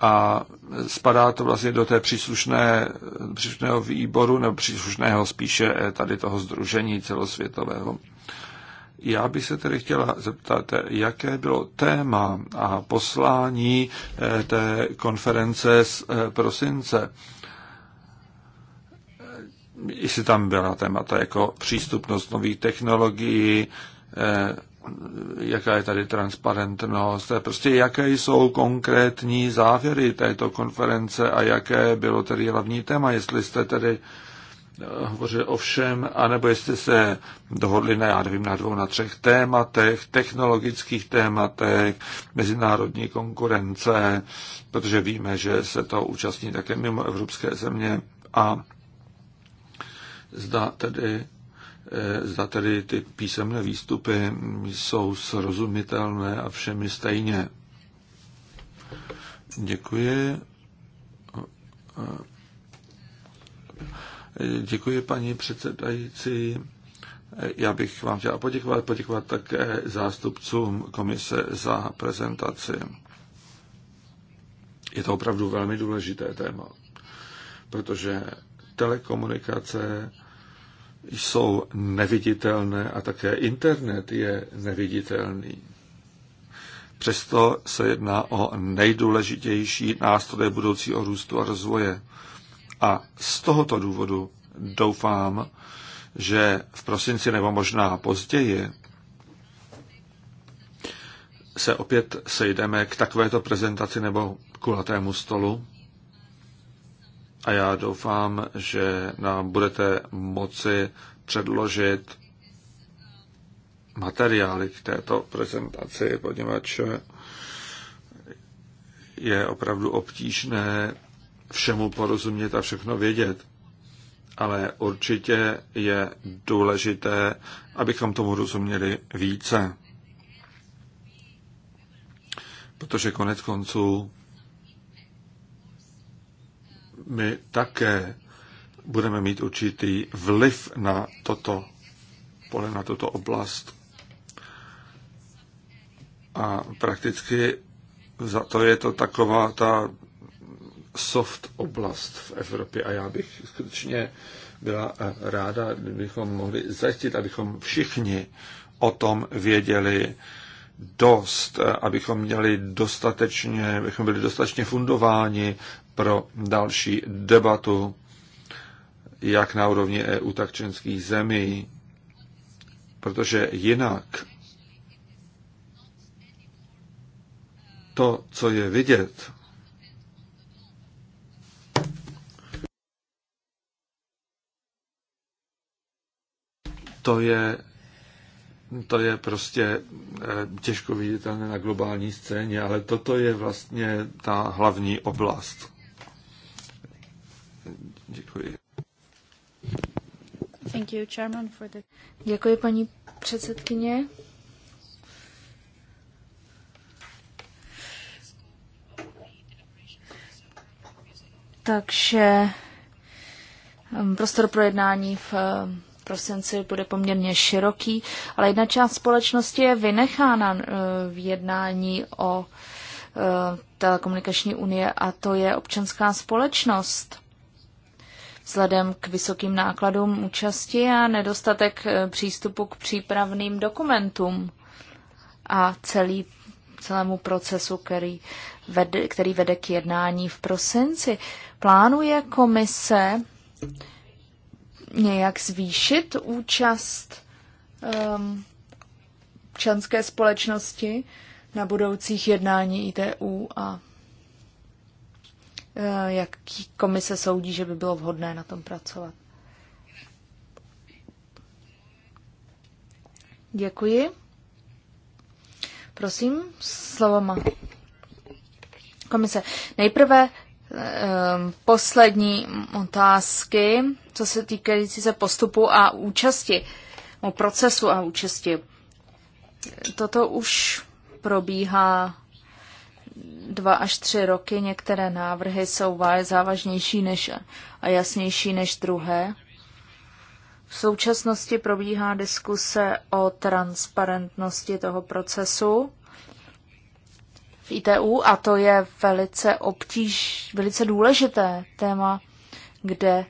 Speaker 3: a spadá to vlastně do té příslušné, příslušného výboru nebo příslušného spíše eh, tady toho združení celosvětového. Já bych se tedy chtěla zeptat, jaké bylo téma a poslání eh, té konference z prosince jestli tam byla témata jako přístupnost nových technologií, eh, jaká je tady transparentnost, eh, prostě jaké jsou konkrétní závěry této konference a jaké bylo tedy hlavní téma, jestli jste tedy eh, hovořili o všem, anebo jestli se dohodli na, já nevím, na dvou, na třech tématech, technologických tématech, mezinárodní konkurence, protože víme, že se to účastní také mimo evropské země a Zda tedy, eh, zda tedy ty písemné výstupy jsou srozumitelné a všemi stejně. Děkuji. Eh, děkuji, paní předsedající. Eh, já bych vám chtěl poděkovat, poděkovat také zástupcům komise za prezentaci. Je to opravdu velmi důležité téma, protože telekomunikace jsou neviditelné a také internet je neviditelný. Přesto se jedná o nejdůležitější nástroje budoucího růstu a rozvoje. A z tohoto důvodu doufám, že v prosinci nebo možná později se opět sejdeme k takovéto prezentaci nebo kulatému stolu a já doufám, že nám budete moci předložit materiály k této prezentaci, poněvadž je opravdu obtížné všemu porozumět a všechno vědět. Ale určitě je důležité, abychom tomu rozuměli více. Protože konec konců my také budeme mít určitý vliv na toto pole, na tuto oblast. A prakticky za to je to taková ta soft oblast v Evropě a já bych skutečně byla ráda, kdybychom mohli zajistit, abychom všichni o tom věděli dost, abychom měli dostatečně, abychom byli dostatečně fundováni, pro další debatu, jak na úrovni EU, tak členských zemí, protože jinak to, co je vidět, to je, to je prostě eh, těžko viditelné na globální scéně, ale toto je vlastně ta hlavní oblast. Děkuji.
Speaker 1: Thank
Speaker 2: you, Chairman, for the... Děkuji, paní předsedkyně. Takže um, prostor pro jednání v um, prosinci bude poměrně široký, ale jedna část společnosti je vynechána uh, v jednání o uh, telekomunikační unie a to je občanská společnost vzhledem k vysokým nákladům účasti a nedostatek eh, přístupu k přípravným dokumentům a celý, celému procesu, který vede, který vede k jednání v prosinci. Plánuje komise nějak zvýšit účast um, členské společnosti na budoucích jednání ITU a Eh, jak komise soudí, že by bylo vhodné na tom pracovat. Děkuji. Prosím, slovo má komise. Nejprve ehm, poslední otázky, co se týkající se postupu a účasti, o no, procesu a účasti. Toto už probíhá dva až tři roky některé návrhy jsou závažnější než a jasnější než druhé. V současnosti probíhá diskuse o transparentnosti toho procesu v ITU a to je velice obtíž, velice důležité téma, kde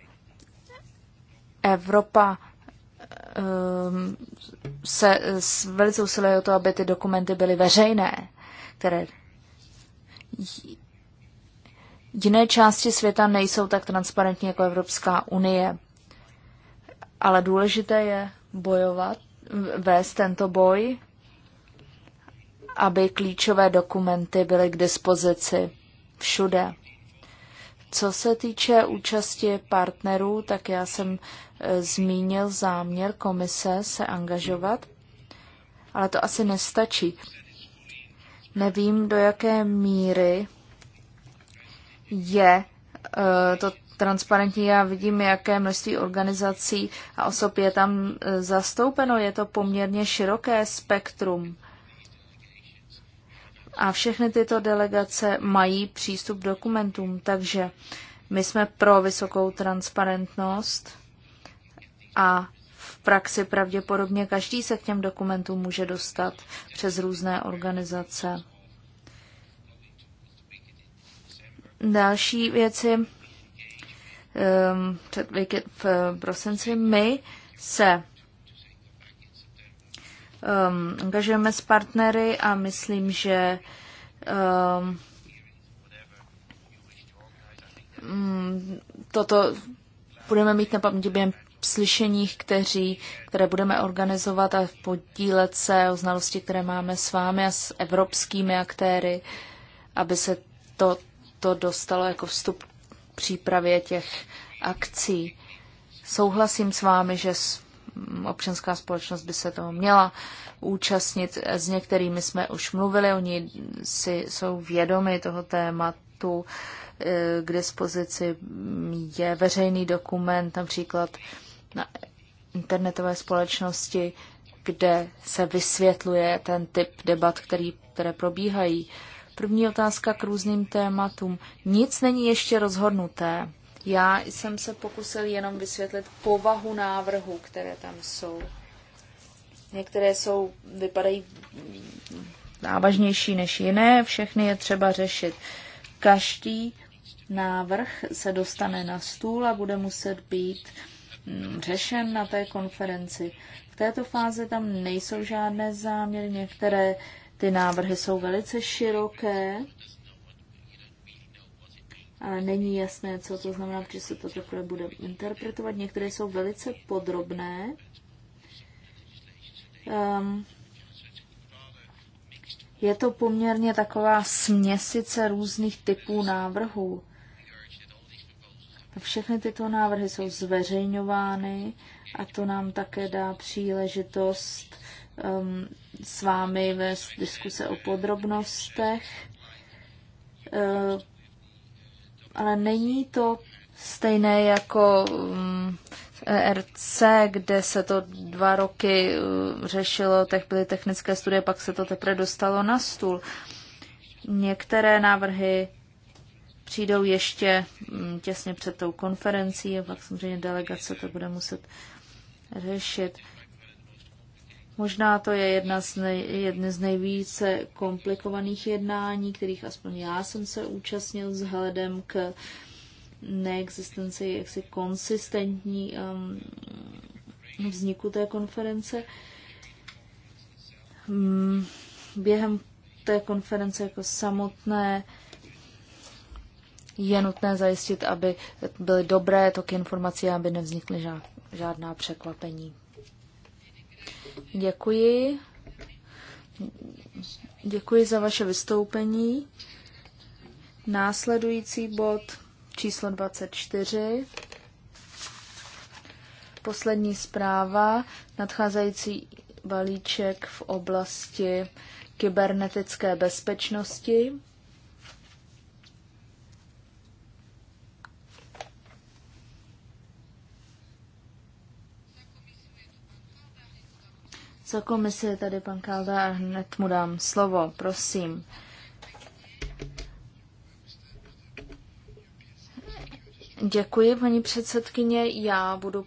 Speaker 2: Evropa um, se velice usiluje o to, aby ty dokumenty byly veřejné, které jiné části světa nejsou tak transparentní jako Evropská unie. Ale důležité je bojovat, vést tento boj, aby klíčové dokumenty byly k dispozici všude. Co se týče účasti partnerů, tak já jsem e, zmínil záměr komise se angažovat, ale to asi nestačí. Nevím, do jaké míry je eh, to transparentní. Já vidím, jaké množství organizací a osob je tam eh, zastoupeno. Je to poměrně široké spektrum. A všechny tyto delegace mají přístup k dokumentům, takže my jsme pro vysokou transparentnost a praxi pravděpodobně každý se k těm dokumentům může dostat přes různé organizace. Další věci ehm, v prosinci my se ehm, angažujeme s partnery a myslím, že ehm, mm, toto budeme mít na paměti během slyšeních, kteří, které budeme organizovat a podílet se o znalosti, které máme s vámi a s evropskými aktéry, aby se to, to dostalo jako vstup k přípravě těch akcí. Souhlasím s vámi, že občanská společnost by se toho měla účastnit. S některými jsme už mluvili, oni si jsou vědomi toho tématu. Eh, k dispozici je veřejný dokument, například na internetové společnosti, kde se vysvětluje ten typ debat, který, které probíhají. První otázka k různým tématům. Nic není ještě rozhodnuté. Já jsem se pokusil jenom vysvětlit povahu návrhů, které tam jsou. Některé jsou, vypadají návažnější než jiné, všechny je třeba řešit. Každý návrh se dostane na stůl a bude muset být uh, Mm-hmm. řešen na té konferenci. V této fázi tam nejsou žádné záměry, některé ty návrhy jsou velice široké, ale není jasné, co to znamená, protože se to takhle bude interpretovat. Některé jsou velice podrobné. Um, je to poměrně taková směsice různých typů návrhů. Všechny tyto návrhy jsou zveřejňovány a to nám také dá příležitost um, s vámi vést diskuse o podrobnostech. Um, ale není to stejné jako um, ERC, kde se to dva roky um, řešilo, tak byly technické studie, pak se to teprve dostalo na stůl. Některé návrhy přijdou ještě mm, těsně před tou konferencí a pak samozřejmě delegace to bude muset řešit. Možná to je jedna z nej, jedny z nejvíce komplikovaných jednání, kterých aspoň já jsem se účastnil vzhledem k neexistenci jaksi konsistentní um, vzniku té konference. Um, během té konference jako samotné uh, je nutné zajistit, aby byly dobré toky informací, aby nevznikly žádná překvapení. Děkuji. Děkuji za vaše vystoupení. Následující bod číslo 24. Poslední zpráva. Nadcházející balíček v oblasti kybernetické bezpečnosti. Co komise je tady pan Kalda a hned mu dám slovo, prosím. Děkuji, paní předsedkyně. Já budu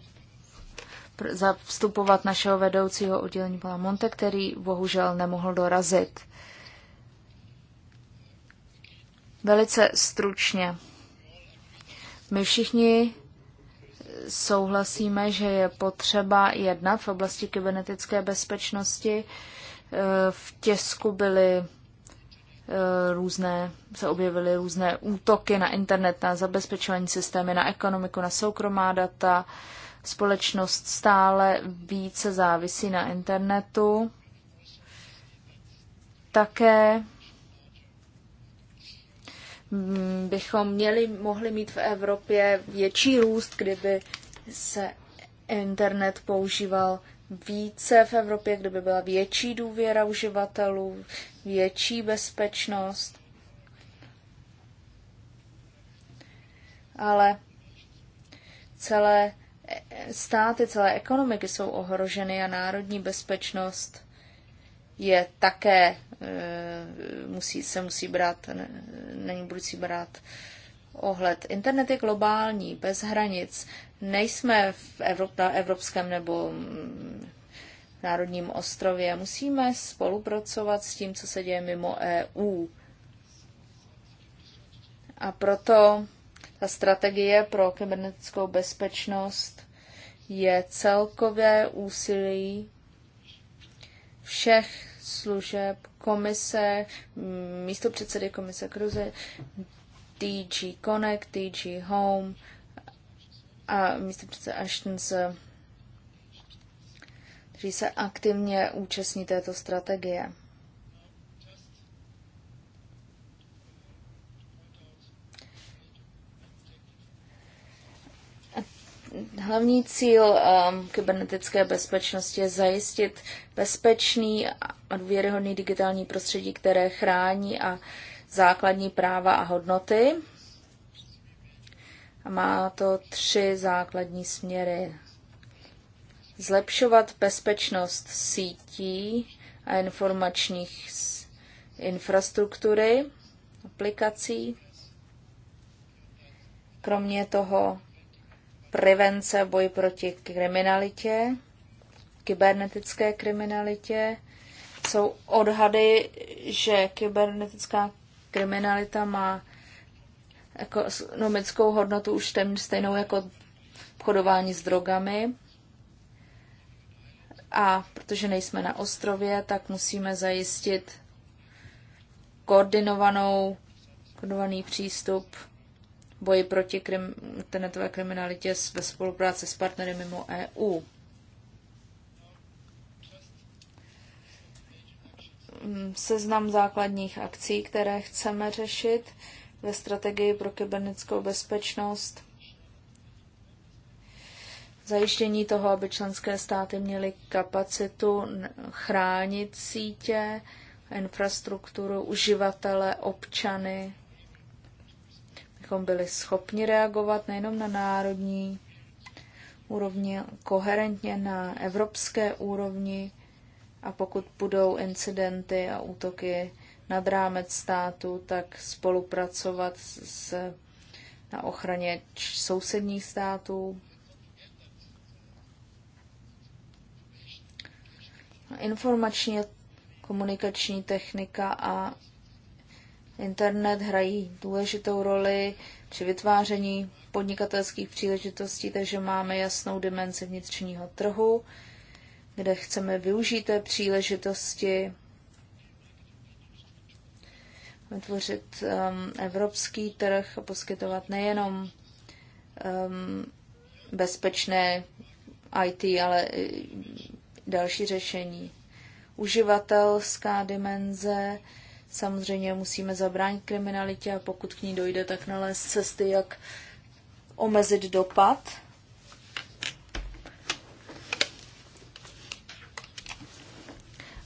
Speaker 2: zastupovat našeho vedoucího oddělení pana Monte, který bohužel nemohl dorazit. Velice stručně. My všichni souhlasíme, že je potřeba jednat v oblasti kybernetické bezpečnosti. E, v těsku byly e, různé, se objevily různé útoky na internet, na zabezpečování systémy, na ekonomiku, na soukromá data. Společnost stále více závisí na internetu. Také Mm, bychom měli, mohli mít v Evropě větší růst, kdyby se internet používal více v Evropě, kdyby byla větší důvěra uživatelů, větší bezpečnost. Ale celé e, státy, celé ekonomiky jsou ohroženy a národní bezpečnost je také, eh, musí, se musí brát, ne, není budoucí brát ohled. Internet je globální, bez hranic. Nejsme v Evrop, na evropském nebo mm, národním ostrově. Musíme spolupracovat s tím, co se děje mimo EU. A proto ta strategie pro kybernetickou bezpečnost je celkové úsilí všech služeb, komise, místo předsedy komise Kruze, DG Connect, DG Home a místo předsedy Ashton se kteří se aktivně účastní této strategie. Hlavní cíl um, kybernetické bezpečnosti je zajistit bezpečný a důvěryhodný digitální prostředí, které chrání a základní práva a hodnoty. A má to tři základní směry. Zlepšovat bezpečnost sítí a informačních infrastruktury, aplikací. Kromě toho prevence v boji proti kriminalitě, kybernetické kriminalitě. Jsou odhady, že kybernetická kriminalita má ekonomickou jako hodnotu už téměř stejnou jako obchodování s drogami. A protože nejsme na ostrově, tak musíme zajistit koordinovanou, koordinovaný přístup boji proti krim, internetové kriminalitě ve spolupráci s partnery mimo EU. Mm, seznam základních akcí, které chceme řešit ve strategii pro kybernetickou bezpečnost. Zajištění toho, aby členské státy měly kapacitu chránit sítě, infrastrukturu, uživatele, občany, abychom byli schopni reagovat nejenom na národní úrovni, koherentně na evropské úrovni a pokud budou incidenty a útoky nad rámec státu, tak spolupracovat s, na ochraně sousedních států. Informační komunikační technika a Internet hrají důležitou roli při vytváření podnikatelských příležitostí, takže máme jasnou dimenzi vnitřního trhu, kde chceme využít té příležitosti, vytvořit um, evropský trh a poskytovat nejenom um, bezpečné IT, ale i další řešení. Uživatelská dimenze, Samozřejmě musíme zabránit kriminalitě a pokud k ní dojde, tak nalézt cesty, jak omezit dopad.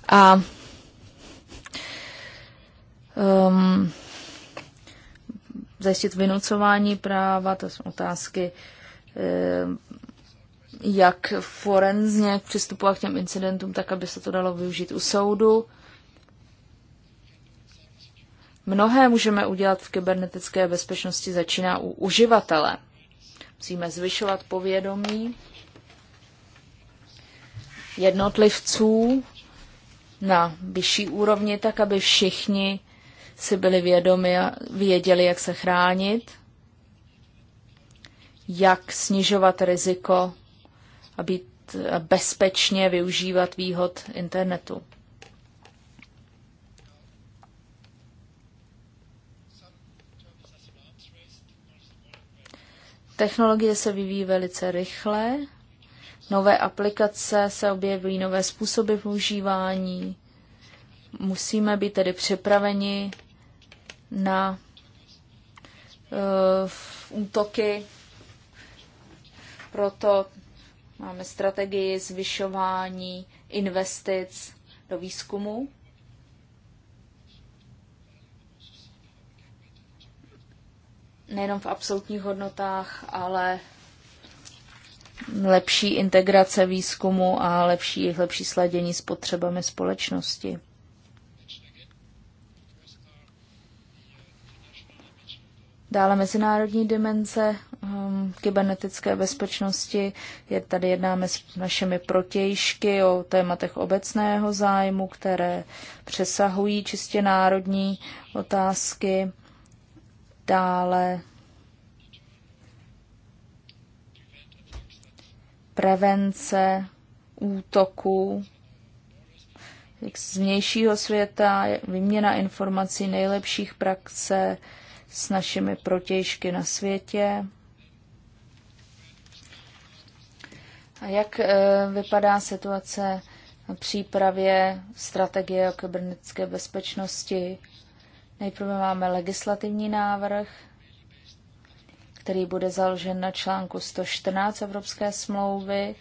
Speaker 2: A um, zajistit vynucování práva, to jsou otázky, um, jak forenzně přistupovat k těm incidentům, tak aby se to dalo využít u soudu. Mnohé můžeme udělat v kybernetické bezpečnosti začíná u uživatele. Musíme zvyšovat povědomí jednotlivců na vyšší úrovni, tak aby všichni si byli vědomi a věděli, jak se chránit, jak snižovat riziko a být bezpečně využívat výhod internetu. Technologie se vyvíjí velice rychle, nové aplikace se objevují, nové způsoby používání Musíme být tedy připraveni na uh, útoky, proto máme strategii zvyšování investic do výzkumu nejenom v absolutních hodnotách, ale lepší integrace výzkumu a lepší, lepší sladění s potřebami společnosti. Dále mezinárodní dimenze um, kybernetické bezpečnosti. Je, tady jednáme s našimi protějšky o tématech obecného zájmu, které přesahují čistě národní otázky. Dále prevence útoků z vnějšího světa, vyměna informací nejlepších praxe s našimi protějšky na světě. A jak eh, vypadá situace na přípravě strategie o kybernetické bezpečnosti? Nejprve máme legislativní návrh, který bude založen na článku 114 Evropské smlouvy,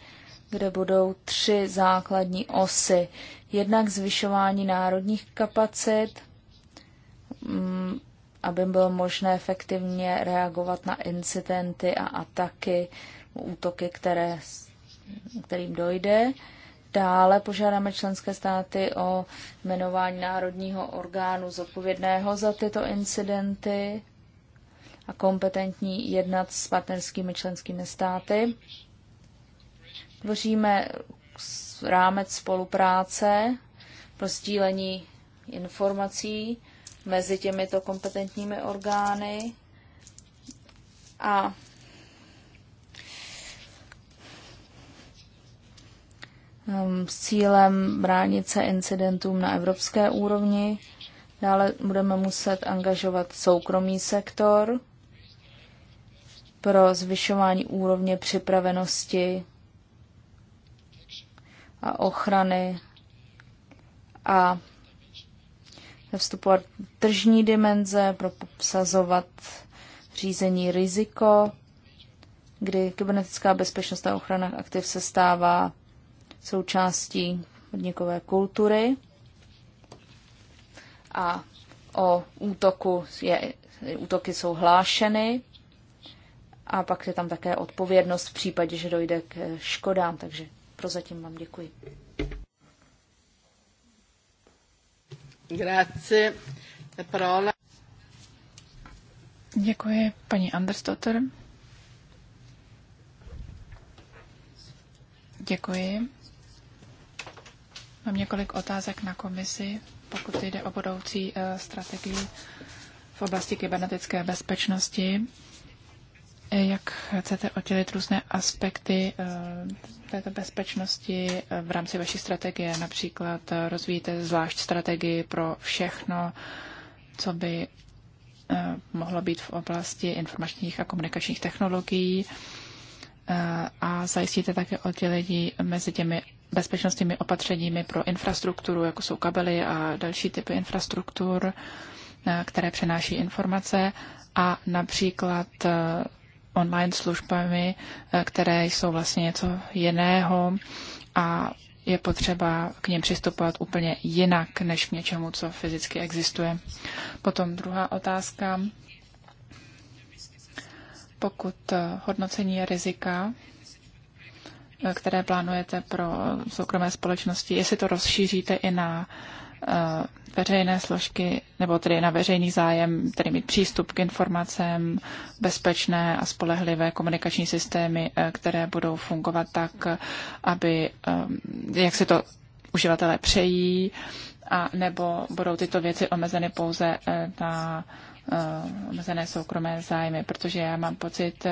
Speaker 2: kde budou tři základní osy. Jednak zvyšování národních kapacit, mm, aby bylo možné efektivně reagovat na incidenty a ataky, útoky, které, kterým dojde. Dále požádáme členské státy o jmenování národního orgánu zodpovědného za tyto incidenty a kompetentní jednat s partnerskými členskými státy. Tvoříme rámec spolupráce pro sdílení informací mezi těmito kompetentními orgány a Um, s cílem bránit se incidentům na evropské úrovni. Dále budeme muset angažovat soukromý sektor pro zvyšování úrovně připravenosti a ochrany a vstupovat tržní dimenze, pro obsazovat řízení riziko, kdy kybernetická bezpečnost a ochrana aktiv se stává součástí podnikové kultury a o útoku je, útoky jsou hlášeny a pak je tam také odpovědnost v případě, že dojde k škodám, takže prozatím vám děkuji.
Speaker 3: Grazie.
Speaker 1: Parola. Děkuji, paní Andersdotter. Děkuji. Mám několik otázek na komisi, pokud jde o budoucí eh, strategii v oblasti kybernetické bezpečnosti. Eh, jak chcete oddělit různé aspekty eh, této bezpečnosti v rámci vaší strategie? Například rozvíjíte zvlášť strategii pro všechno, co by mohlo být v oblasti informačních a komunikačních technologií a zajistíte také oddělení mezi těmi bezpečnostními opatřeními pro infrastrukturu, jako jsou kabely a další typy infrastruktur, eh, které přenáší informace a například eh, online službami, eh, které jsou vlastně něco jiného a je potřeba k něm přistupovat úplně jinak, než k něčemu, co fyzicky existuje. Potom druhá otázka. Pokud hodnocení rizika které plánujete pro soukromé společnosti, jestli to rozšíříte i na eh, veřejné složky, nebo tedy na veřejný zájem, tedy mít přístup k informacím bezpečné a spolehlivé komunikační systémy, eh, které budou fungovat tak, aby, eh, jak si to uživatelé přejí, a nebo budou tyto věci omezeny pouze na Eh, omezené soukromé zájmy, protože já mám pocit,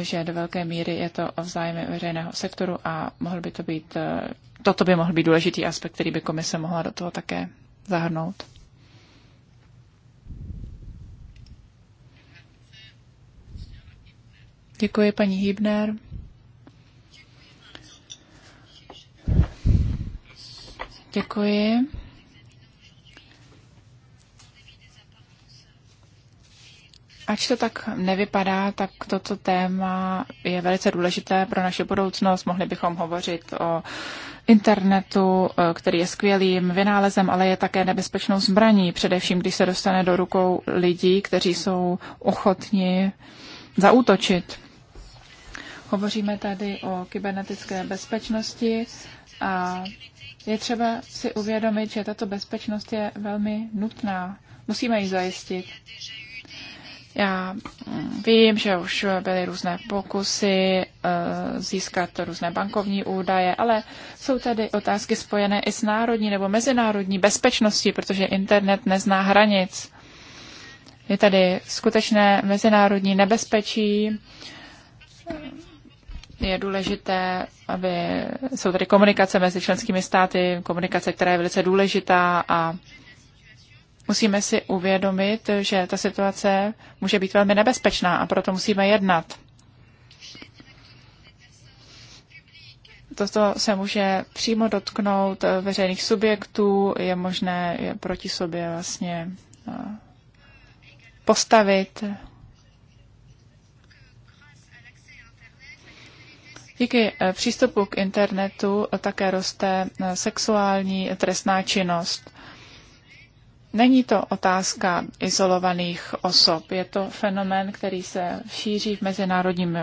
Speaker 1: že do velké míry je to o zájmy veřejného sektoru a mohl by to být, eh, toto by mohl být důležitý aspekt, který by komise mohla do toho také zahrnout. Děkuji, paní Hibner. Děkuji. Ač to tak nevypadá, tak toto téma je velice důležité pro naši budoucnost. Mohli bychom hovořit o internetu, e, který je skvělým vynálezem, ale je také nebezpečnou zbraní, především když se dostane do rukou lidí, kteří jsou ochotni zaútočit. Hovoříme tady o kybernetické bezpečnosti a je třeba si uvědomit, že tato bezpečnost je velmi nutná. Musíme ji zajistit. Já mm, vím, že už byly různé pokusy eh, získat různé bankovní údaje, ale jsou tady otázky spojené i s národní nebo mezinárodní bezpečností, protože internet nezná hranic. Je tady skutečné mezinárodní nebezpečí. Je důležité, aby jsou tady komunikace mezi členskými státy, komunikace, která je velice důležitá a Musíme si uvědomit, že ta situace může být velmi nebezpečná a proto musíme jednat. Toto se může přímo dotknout veřejných subjektů, je možné je proti sobě vlastně eh, postavit. Díky eh, přístupu k internetu také roste eh, sexuální trestná činnost. Není to otázka izolovaných osob, je to fenomén, který se šíří v mezinárodním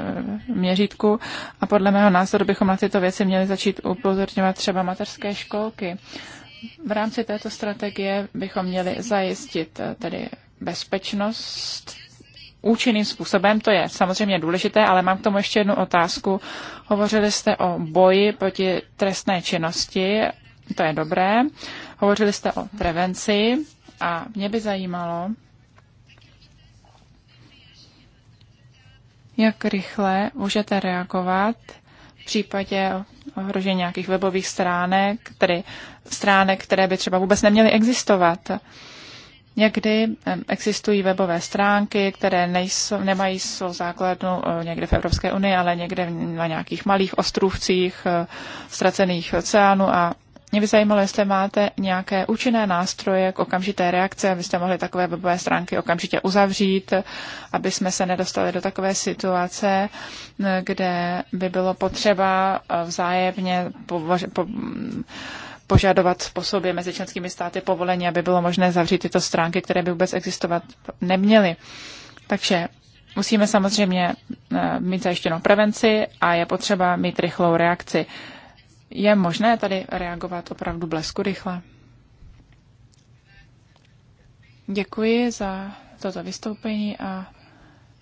Speaker 1: měřítku a podle mého názoru bychom na tyto věci měli začít upozorňovat třeba mateřské školky. V rámci této strategie bychom měli zajistit tedy bezpečnost účinným způsobem, to je samozřejmě důležité, ale mám k tomu ještě jednu otázku. Hovořili jste o boji proti trestné činnosti, to je dobré. Hovořili jste o prevenci, a mě by zajímalo, jak rychle můžete reagovat v případě ohrožení nějakých webových stránek, tedy stránek, které by třeba vůbec neměly existovat. Někdy existují webové stránky, které nejsou, nemají svou základnu e, někde v Evropské unii, ale někde na nějakých malých ostrůvcích e, ztracených oceánu a mě by zajímalo, jestli máte nějaké účinné nástroje k okamžité reakce, abyste mohli takové webové stránky okamžitě uzavřít, aby jsme se nedostali do takové situace, kde by bylo potřeba eh, vzájemně požadovat po sobě mezi členskými státy povolení, aby bylo možné zavřít tyto stránky, které by vůbec existovat neměly. Takže musíme samozřejmě eh, mít zajištěnou prevenci a je potřeba mít rychlou reakci. Je možné tady reagovat opravdu blesku rychle? Děkuji za toto vystoupení a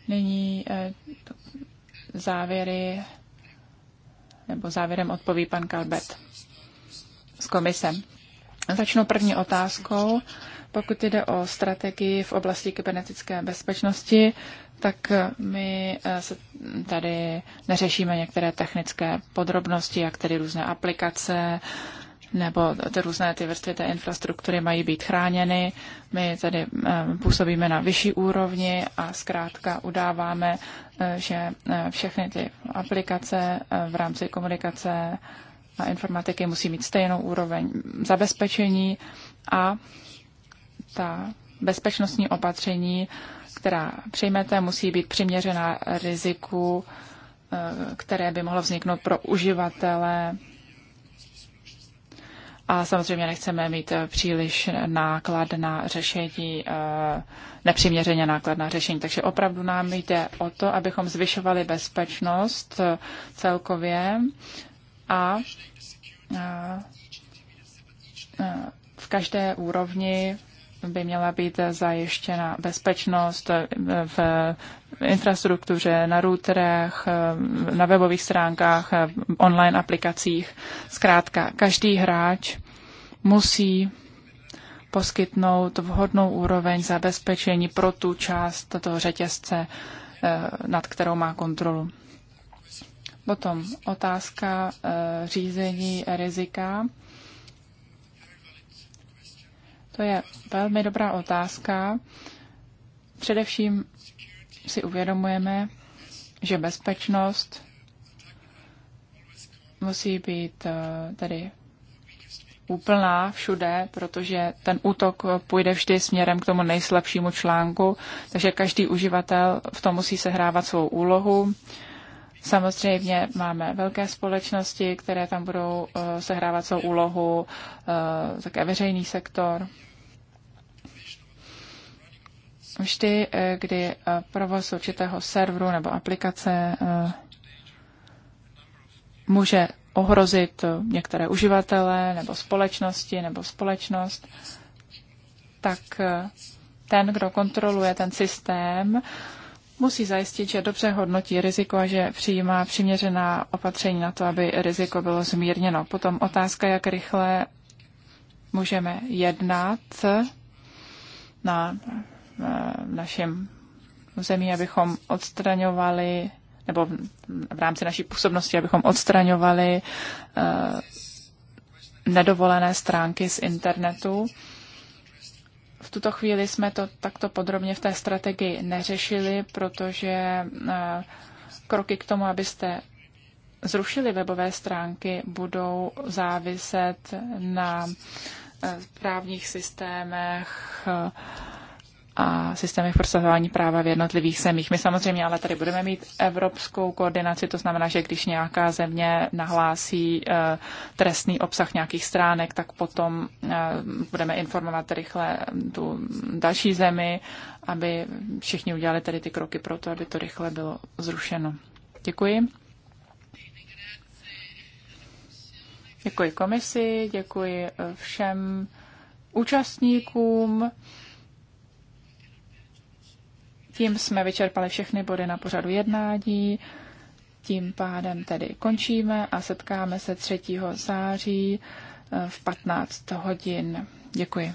Speaker 1: nyní eh, závěry nebo závěrem odpoví pan Kalbet s komisem. Začnu první otázkou. Pokud jde o strategii v oblasti kybernetické bezpečnosti, tak eh, my eh, se tady neřešíme některé technické podrobnosti, jak tedy různé aplikace nebo ty různé ty vrstvy té infrastruktury mají být chráněny. My tady eh, působíme na vyšší úrovni a zkrátka udáváme, že všechny ty aplikace v rámci komunikace a informatiky musí mít stejnou úroveň zabezpečení a ta bezpečnostní opatření která přijmete, musí být přiměřená riziku, eh, které by mohlo vzniknout pro uživatele. A samozřejmě nechceme mít eh, příliš náklad na řešení, eh, nepřiměřeně na řešení. Takže opravdu nám jde o to, abychom zvyšovali bezpečnost celkově a v každé úrovni by měla být zajištěna bezpečnost v infrastruktuře, na routerech, na webových stránkách, online aplikacích. Zkrátka, každý hráč musí poskytnout vhodnou úroveň zabezpečení pro tu část toho řetězce, eh, nad kterou má kontrolu. Potom otázka eh, řízení rizika to je velmi dobrá otázka. Především si uvědomujeme, že bezpečnost musí být eh, tedy úplná všude, protože ten útok půjde vždy směrem k tomu nejslabšímu článku, takže každý uživatel v tom musí sehrávat svou úlohu. Samozřejmě máme velké společnosti, které tam budou eh, sehrávat svou úlohu, eh, také veřejný sektor. Vždy, eh, kdy provoz určitého serveru nebo aplikace může ohrozit některé uživatele nebo společnosti nebo společnost, tak ten, kdo kontroluje ten systém, musí zajistit, že dobře hodnotí riziko a že přijímá přiměřená opatření na to, aby riziko bylo zmírněno. Potom otázka, jak rychle můžeme jednat na našem území, abychom odstraňovali, nebo v rámci naší působnosti, abychom odstraňovali eh, nedovolené stránky z internetu. V tuto chvíli jsme to takto podrobně v té strategii neřešili, protože eh, kroky k tomu, abyste zrušili webové stránky, budou záviset na eh, právních systémech eh, a systémech prosazování práva v jednotlivých zemích. My samozřejmě ale tady budeme mít evropskou koordinaci, to znamená, že když nějaká země nahlásí eh, trestný obsah nějakých stránek, tak potom eh, budeme informovat rychle mm, tu další zemi, aby všichni udělali tady ty kroky pro to, aby to rychle bylo zrušeno. Děkuji. Děkuji komisi, děkuji eh, všem účastníkům. Tím jsme vyčerpali všechny body na pořadu jednání. Tím pádem tedy končíme a setkáme se 3. září eh, v 15 hodin. Děkuji.